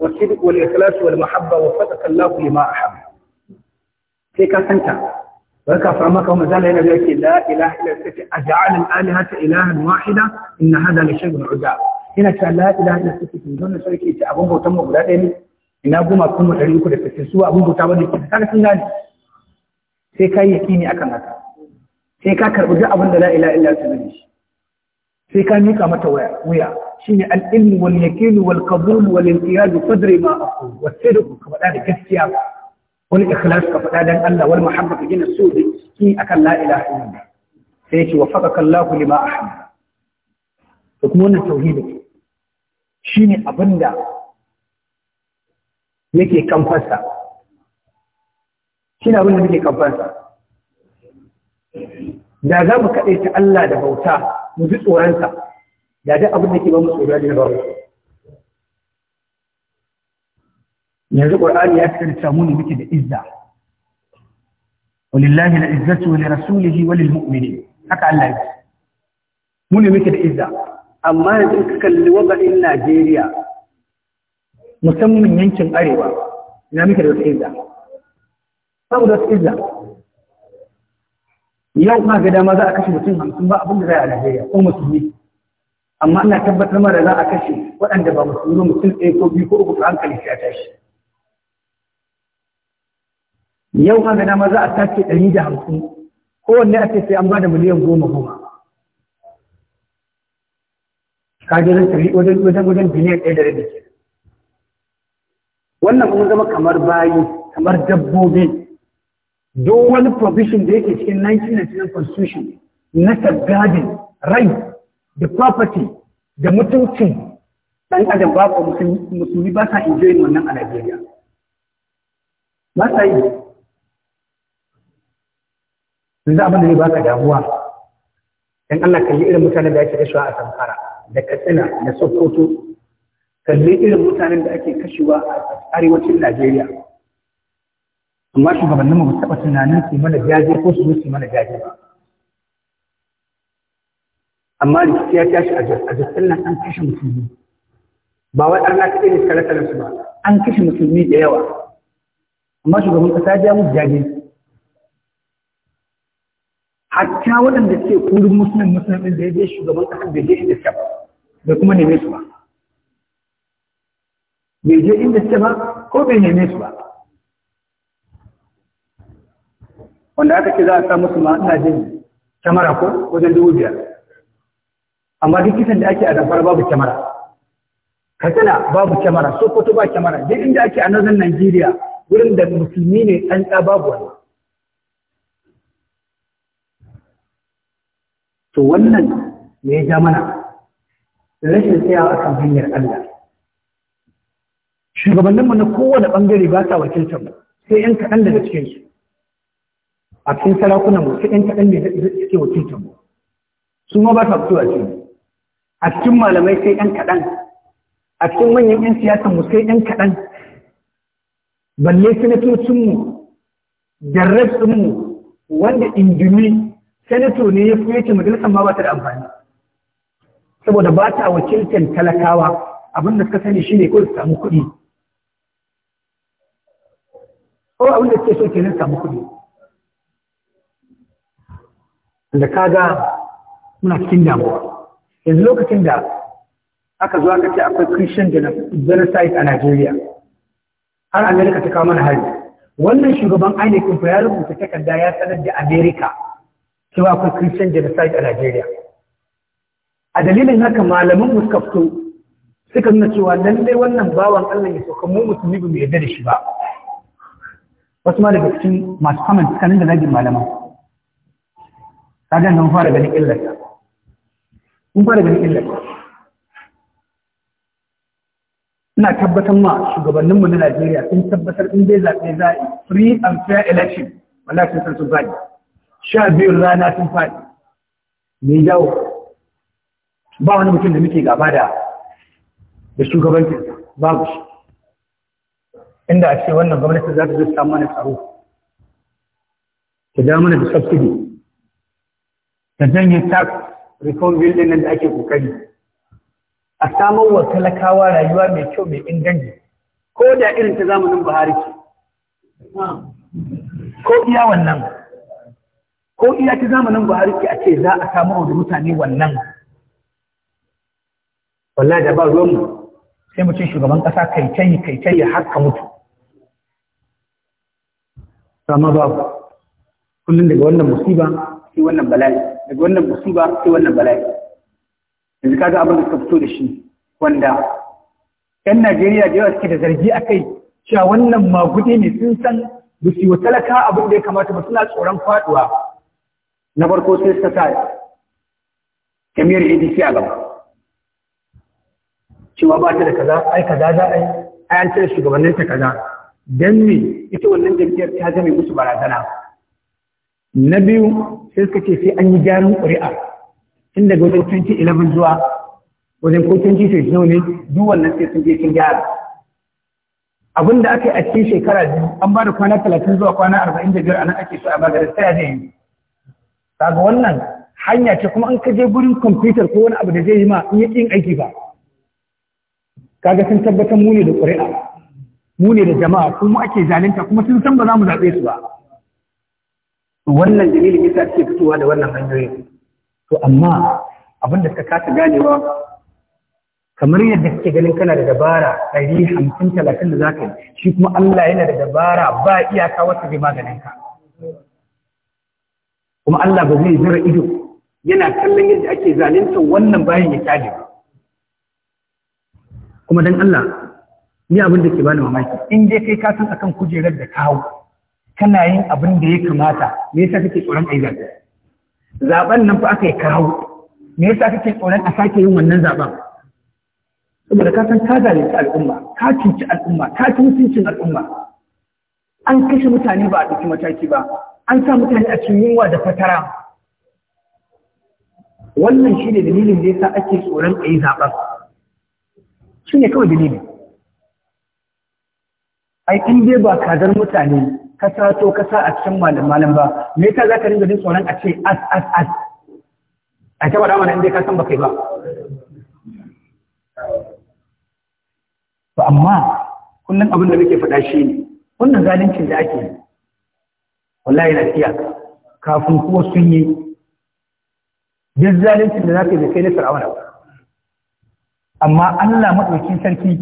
والصدق والإخلاص والمحبة وفتك الله لما أحب كيف أنت ولك فأمك ومازال هنا بيك لا إله إلا أنت أجعل الآلهة إلها واحدة إن هذا لشيء عجاب هنا كان لا إله إلا أنت من دون شريك إيش أبو بوتم وبلادين إن أبو ما كنوا تعلمك لتسوى أبو بوتم وبلادين هذا سنجاني sai ka yi yakini akan haka sai ka karɓi duk abin da la ilaha illa ta shi sai ka mika mata wuya shine al-ilm wal yaqin wal qabul wal intiyaj qadri ma aqul wa sirr ka faɗa da gaskiya Wani ikhlas ka faɗa dan Allah wal mahabba gina su da ki akan la ilaha illallah sai ce wafaqaka Allah lima ahabba to kuma wannan tauhidi shine abinda yake kan shine abinda yake kan da za mu kaɗaita Allah da bauta mu ji tsoronsa ya duk abin da ke ba mu tsoro ne ba yanzu qur'ani ya tsarta mu ne muke da izza walillahi la izzatu wa rasulihi wa lilmu'minin haka Allah ya mu ne muke da izza amma yanzu ka kalli wabain Najeriya musamman yankin arewa na muke da wata izza babu da wata izza yau ma ga dama za a kashe mutum hamsin ba abin da za a Najeriya ko musulmi amma ina tabbatar mara za a kashe waɗanda ba musulmi mutum ɗaya ko biyu ko uku ko hankali sai a tashi yau ma gana ma za a sace ɗari da hamsin kowanne a ce sai an bada miliyan goma goma Ka zan tafi wajen wajen wajen biliyan ɗaya da rabi wannan kuma zama kamar bayi kamar dabbobi duk wani provision da yake cikin 1999 constitution na safeguarding rai. da property da mutuncin ɗan adam ba ko musulmi ba sa enjoyin wannan a Najeriya. Ba sa yi. a abin da ba ka damuwa. Dan Allah kalli irin mutanen da ake kashewa a Sankara da Katsina da Sokoto. Kalli irin mutanen da ake kashewa a arewacin Najeriya. Amma shugabannin mu ba taɓa tunanin su mana jaje ko su zo mana jaje ba. amma rikici ya tashi a jas a nan an kashe musulmi ba wai an kaɗai ne kare kare su ba an kashe musulmi da yawa amma shugaban kasa ya musu jaje hatta waɗanda ke kurin musulmin musulmin da ya je shugaban kasa bai je da shi ba bai kuma neme su ba bai je inda suke ba ko bai neme su ba wanda aka ce za a samu su ma ina jin kyamara ko wajen dubu biyar amma duk kisan da ake a zafara babu kyamara katsina babu kyamara sokoto ba kyamara duk inda ake a nazar najeriya wurin da musulmi ne tsantsa babu wani to wannan ne ya ja mana rashin tsayawa kan hanyar allah shugabanninmu na kowane ɓangare ba sa wakiltar mu sai ‘yan kaɗan daga cikinsu a cikin sarakunanmu sai ‘yan kaɗan ne suke wakiltar mu su ma ba sa a cikin a cikin malamai sai ɗan kaɗan a cikin manyan 'yan siyasan mu sai ɗan kaɗan balle sanatocinmu darrasinmu wanda indimi. sanato ne ya fiye yake majalisar ma ba ta da amfani saboda ba ta wakiltar talakawa abin da suka sani shi ne ko su samu kuɗi ko abin da suke so ke nan samu kuɗi da kaga muna cikin damuwa yanzu lokacin da aka zuwa aka ce akwai christian genocide a nigeria har america ta kawo mana hari wannan shugaban ainihin fa ya rubuta takarda ya sanar da america cewa akwai christian genocide a nigeria a dalilin haka malaman mu suka suka nuna cewa lallai wannan bawan allah ya sauka mu musulmi ba mu yarda da shi ba wasu ma daga cikin masu kamar tsakanin da nagin malaman kaga nan fara ganin illarsa mun fara ganin illar ina tabbatar ma shugabanninmu na Najeriya sun tabbatar in dai zaɓe za a free and fair election wallahi sun san sun sha biyun rana sun faɗi me yau ba wani mutum da muke gaba da da ba babu shi inda a ce wannan gwamnati za ta zo samu mana tsaro ta ja mana da subsidy ta janye tax reform building nan da ake kokari a samar wa talakawa rayuwa mai kyau mai inganci ko da irin ta zamanin Buhari ce ko iya wannan ko iya ta zamanin Buhari ce a ce za a samar da mutane wannan wallahi da ba ruwanmu sai mu ci shugaban kasa kai kai kai kai har ka mutu amma babu kullum daga wannan musiba sai wannan bala'i daga wannan ba, sai wannan bala'i yanzu kaga abin da suka fito da shi wanda 'yan Najeriya da yawa suke da zargi a kai cewa wannan magudi ne sun san ba su yi talaka abin da ya kamata ba suna tsoron faɗuwa na farko sai suka sa kamiyar ADC a gaba cewa ba ta da kaza ai kaza za a yi ai an shugabannin ta kaza dan me ita wannan jam'iyyar ta zame musu barazana na biyu sai suka ce sai an yi gyaran ƙuri'a tun daga wajen 2011 zuwa wajen ko 2013 ne duk wannan sai sun je sun gyara abin da aka yi a cikin shekara biyu an ba da kwana 30 zuwa kwana 45 a nan ake so a bagare sai a zai kaga wannan hanya ce kuma an ka je gurin kwamfutar ko wani abu da zai yi ma in yi aiki ba kaga sun tabbatar mu ne da ƙuri'a mu ne da jama'a kuma ake zalunta kuma sun san ba za mu zaɓe su ba wannan dalilin yasa ake fitowa da wannan hanyoyin to amma abin da suka kasa ganewa kamar yadda kake ganin kana da dabara ɗari hamsin talatin da zaka yi shi kuma Allah yana da dabara ba iyaka wata zai maganin ka kuma Allah ba zai zira ido yana kallon yadda ake zalunta wannan bayan ya kyale ba kuma dan Allah ni abin da ke bani mamaki in dai kai ka san akan kujerar da ka kana yin abin da ya kamata me yasa kake tsoron yi zaɓe zaɓen nan fa aka yi kawo me yasa kake tsoron a sake yin wannan zaɓen saboda ka san ka zalunci al'umma ka cuci al'umma ka ci al'umma an kashe mutane ba a ɗauki mataki ba an sa mutane a cikin yunwa da fatara wannan shi ne dalilin da yasa ake tsoron a yi zaɓen shi ne kawai dalilin ai in dai ba kazar mutane ka sato ka sa a cikin malam malam ba me za ka ringa jin tsoron a ce as as as a ta faɗa mana inda ka san baka yi ba to amma kullum abin da muke faɗa shi ne wannan zalincin da ake yi wallahi na tiya kafin kuma sun yi duk zalincin da ka yi kai na fir'auna ba amma Allah maɗauki sarki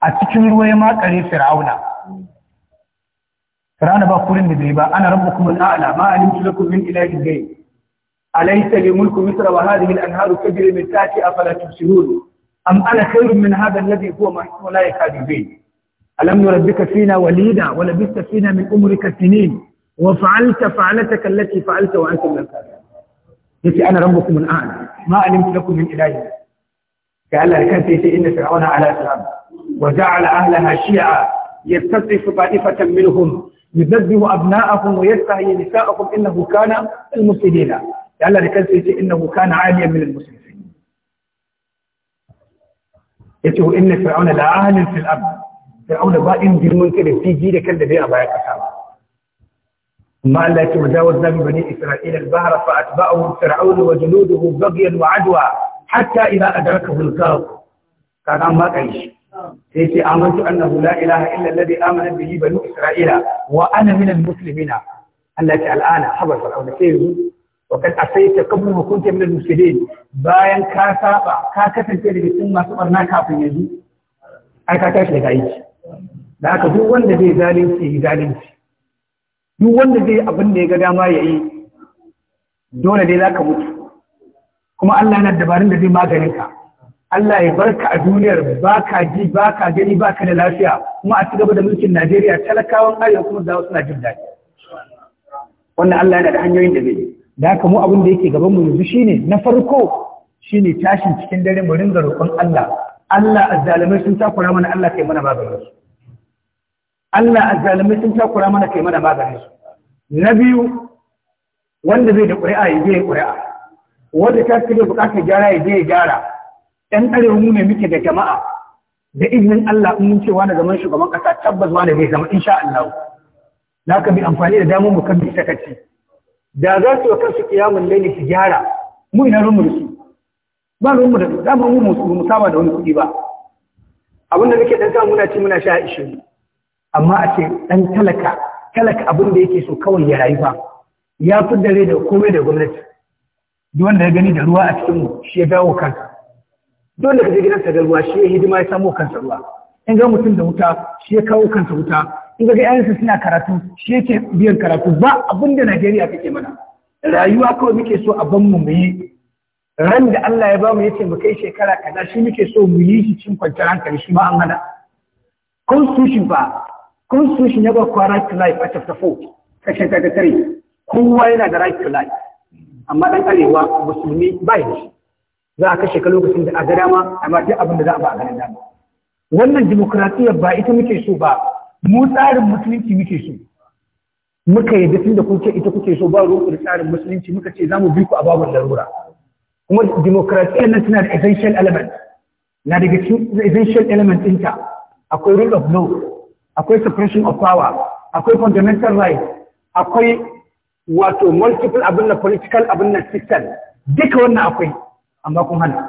a cikin ruwa ya makare fir'auna بقول باقولين بدريبا أنا ربكم الأعلى ما علمت لكم من إله الغيب أليس لي ملك مصر وهذه الأنهار كبير من تاتي أفلا تبسرون أم أنا خير من هذا الذي هو محسن ولا يكاد يبين ألم يربك فينا وليدا ولبثت فينا من أمرك سنين وفعلت فعلتك التي فعلت وأنت من الكاذب يتي أنا ربكم الأعلى ما علمت لكم من إله كألا كانت يتي إن فرعون على أسلام وجعل أهلها شيعا يستطف طائفة منهم يذبه أبناءكم ويستحيي نساءكم إنه كان المسلمين لعل لكنسي إنه كان عاليا من المسلمين يتيه إن فرعون لعال في الأرض فرعون بائن جنون كده في جيدة كده بيئة بايا كسامة ما لا تجاوزنا بني إسرائيل البحر فأتبعهم فرعون وجنوده بغيا وعدوى حتى إذا أدركه الغرق كان ما تعيش sai ce amantu annahu la ilaha illa alladhi amana bihi banu isra'ila wa ana minal muslimina Allah ta al'ana habar fir'auna sai yanzu wa kad asaita qabla ma kunta minal mufsidin bayan ka saba ka kasance daga cikin masu barna kafin yanzu ai ka tashi daga aiki da haka duk wanda zai zalunci yi zalunci duk wanda zai abin da ya ga dama ya yi dole dai zaka mutu kuma Allah yana dabarun da zai maganin ka Allah ya barka a duniyar ka ji ka gani ka da lafiya kuma a cigaba da mulkin Najeriya talakawan arewa kuma za suna jin daɗi wannan Allah yana da hanyoyin da zai yi da haka mu abin da yake gaban mu yanzu shine na farko shine tashin cikin dare mu ringa roƙon Allah Allah azzalimai sun takura mana Allah kai mana maganin su Allah azzalimai sun takura mana kai mana maganin su na biyu wanda zai da ƙuri'a ya je ya ƙuri'a wanda ta fi buƙatar gyara ya je ya gyara ‘yan arewa mu ne muke da jama'a da izinin Allah in mun ce wani zaman shugaban ƙasa tabbas wani zai zama insha Allah za ka bi amfani da damar mu kan bi sakaci da za su yi su kiyamun laili su gyara mu ina rumu su ba rumu da su mu mu musu mu saba da wani kuɗi ba abin da muke ɗan sa muna ci muna sha ishin. amma a ce ɗan talaka talaka abin da yake so kawai ya rayu fa ya fi dare da komai da gwamnati duk wanda ya gani da ruwa a cikin mu shi ya dawo kansa dole ka je gidan sadarwa shi ya hidima ya samo kansa ruwa in ga mutum da wuta shi ya kawo kansa wuta in ga su suna karatu shi yake biyan karatu ba abin da Najeriya ke mana rayuwa kawai muke so a ban mu mu yi ran da Allah ya ba mu yace mu kai shekara kaza shi muke so mu yi shi cin kwanciyar hankali shi ma an hana constitution ba constitution ya ba kwa right to life a chapter 4 section 33 kowa yana da right to life amma dan arewa musulmi ba shi za a kashe ka lokacin da a ga dama amma duk abin da za a ba a ganin dama wannan demokradiyyar ba ita muke so ba mu tsarin musulunci muke so muka yi tun da kuke ita kuke so ba roƙo da tsarin musulunci muka ce za mu bi ku a babu larura kuma demokradiyyar nan tana da essential element na daga cikin essential element ɗinta akwai rule of law akwai suppression of power akwai fundamental rights akwai wato multiple abin na political abin na system duka wannan akwai amma kun hana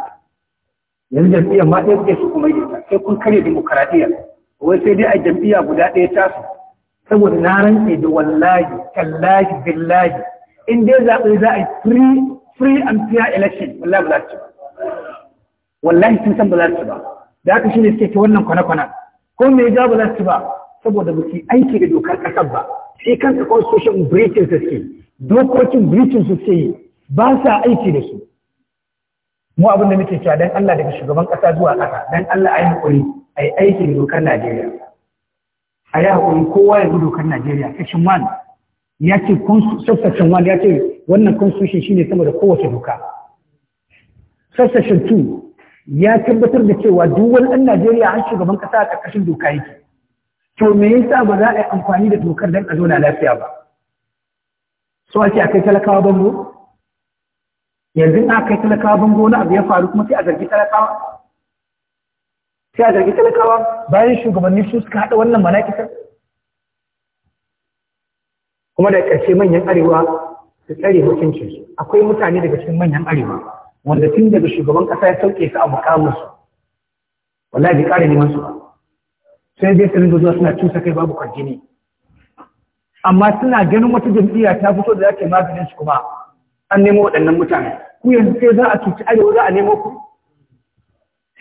yanzu jam'iyyar ma ɗaya kuke su kuma yi sai kun karya demokaradiyya wai sai dai a jam'iyya guda ɗaya tasu saboda na rantse da wallahi tallahi billahi in dai zaɓe za a yi free free and fair election wallahi ba za ba. wallahi sun san ba za su ba da haka shine suke ta wannan kwana-kwana ko me ja ba za su ba saboda ba su yi aiki da dokar ƙasar ba sai kan kansa social breaching suke dokokin breaching suke yi ba sa aiki da su mu abin da muke cewa dan Allah daga shugaban kasa zuwa kasa dan Allah ayi hakuri ayi aiki da dokar Najeriya ayi hakuri kowa ya dokar Najeriya kashin wani ya ce subsection wani ya ce wannan constitution shine sama da kowace doka subsection 2 ya tabbatar da cewa duk wani ɗan Najeriya har shugaban kasa a ƙarƙashin doka yake to me yasa ba za a yi amfani da dokar dan a zauna lafiya ba so ake akai talakawa bango yanzu na kai talakawa bango na abu ya faru kuma sai a zargi talakawa sai a zargi talakawa bayan shugabanni su suka haɗa wannan manakisar kuma da ƙarshe manyan arewa su tsare su akwai mutane daga cikin manyan arewa wanda tun daga shugaban ƙasa ya sauke su a mukamansu wallahi bai ƙara neman su ba sai dai sanin rinda zuwa suna cusa kai babu kwarjini amma suna ganin wata jam'iyya ta fito da za ta maganin su kuma an nemo waɗannan mutane ku yanzu sai za a cuci arewa za a nemo ku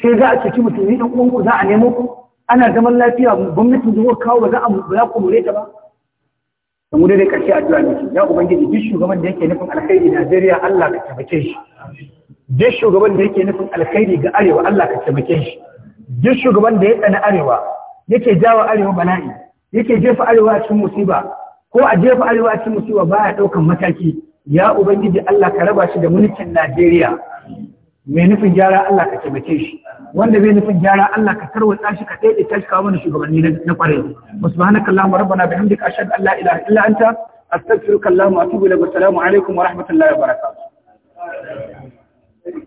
sai za a cuci musulmi ɗan ku za a nemo ku ana zaman lafiya gwamnati zuwa kawo ba za a za ku mure ta ba da mu dai ƙarshe addu'a miki ya ubangiji duk shugaban da yake nufin alkhairi Najeriya Allah ka tabbake shi duk shugaban da yake nufin alkhairi ga arewa Allah ka tabbake shi duk shugaban da ya tsana arewa yake jawa arewa bala'i yake jefa arewa cikin musiba ko a jefa arewa cikin musiba baya daukan mataki ya ubangiji Allah ka raba shi da mulkin Najeriya mai nufin gyara Allah ka taimake shi wanda bai nufin gyara Allah ka tarwatsa shi ka daidai ta shi kawo mana shugabanni na kwarai subhanaka allahumma rabbana bihamdika ashhadu an la ilaha illa anta astaghfiruka allahumma wa atubu ilaik assalamu alaikum wa rahmatullahi wa barakatuh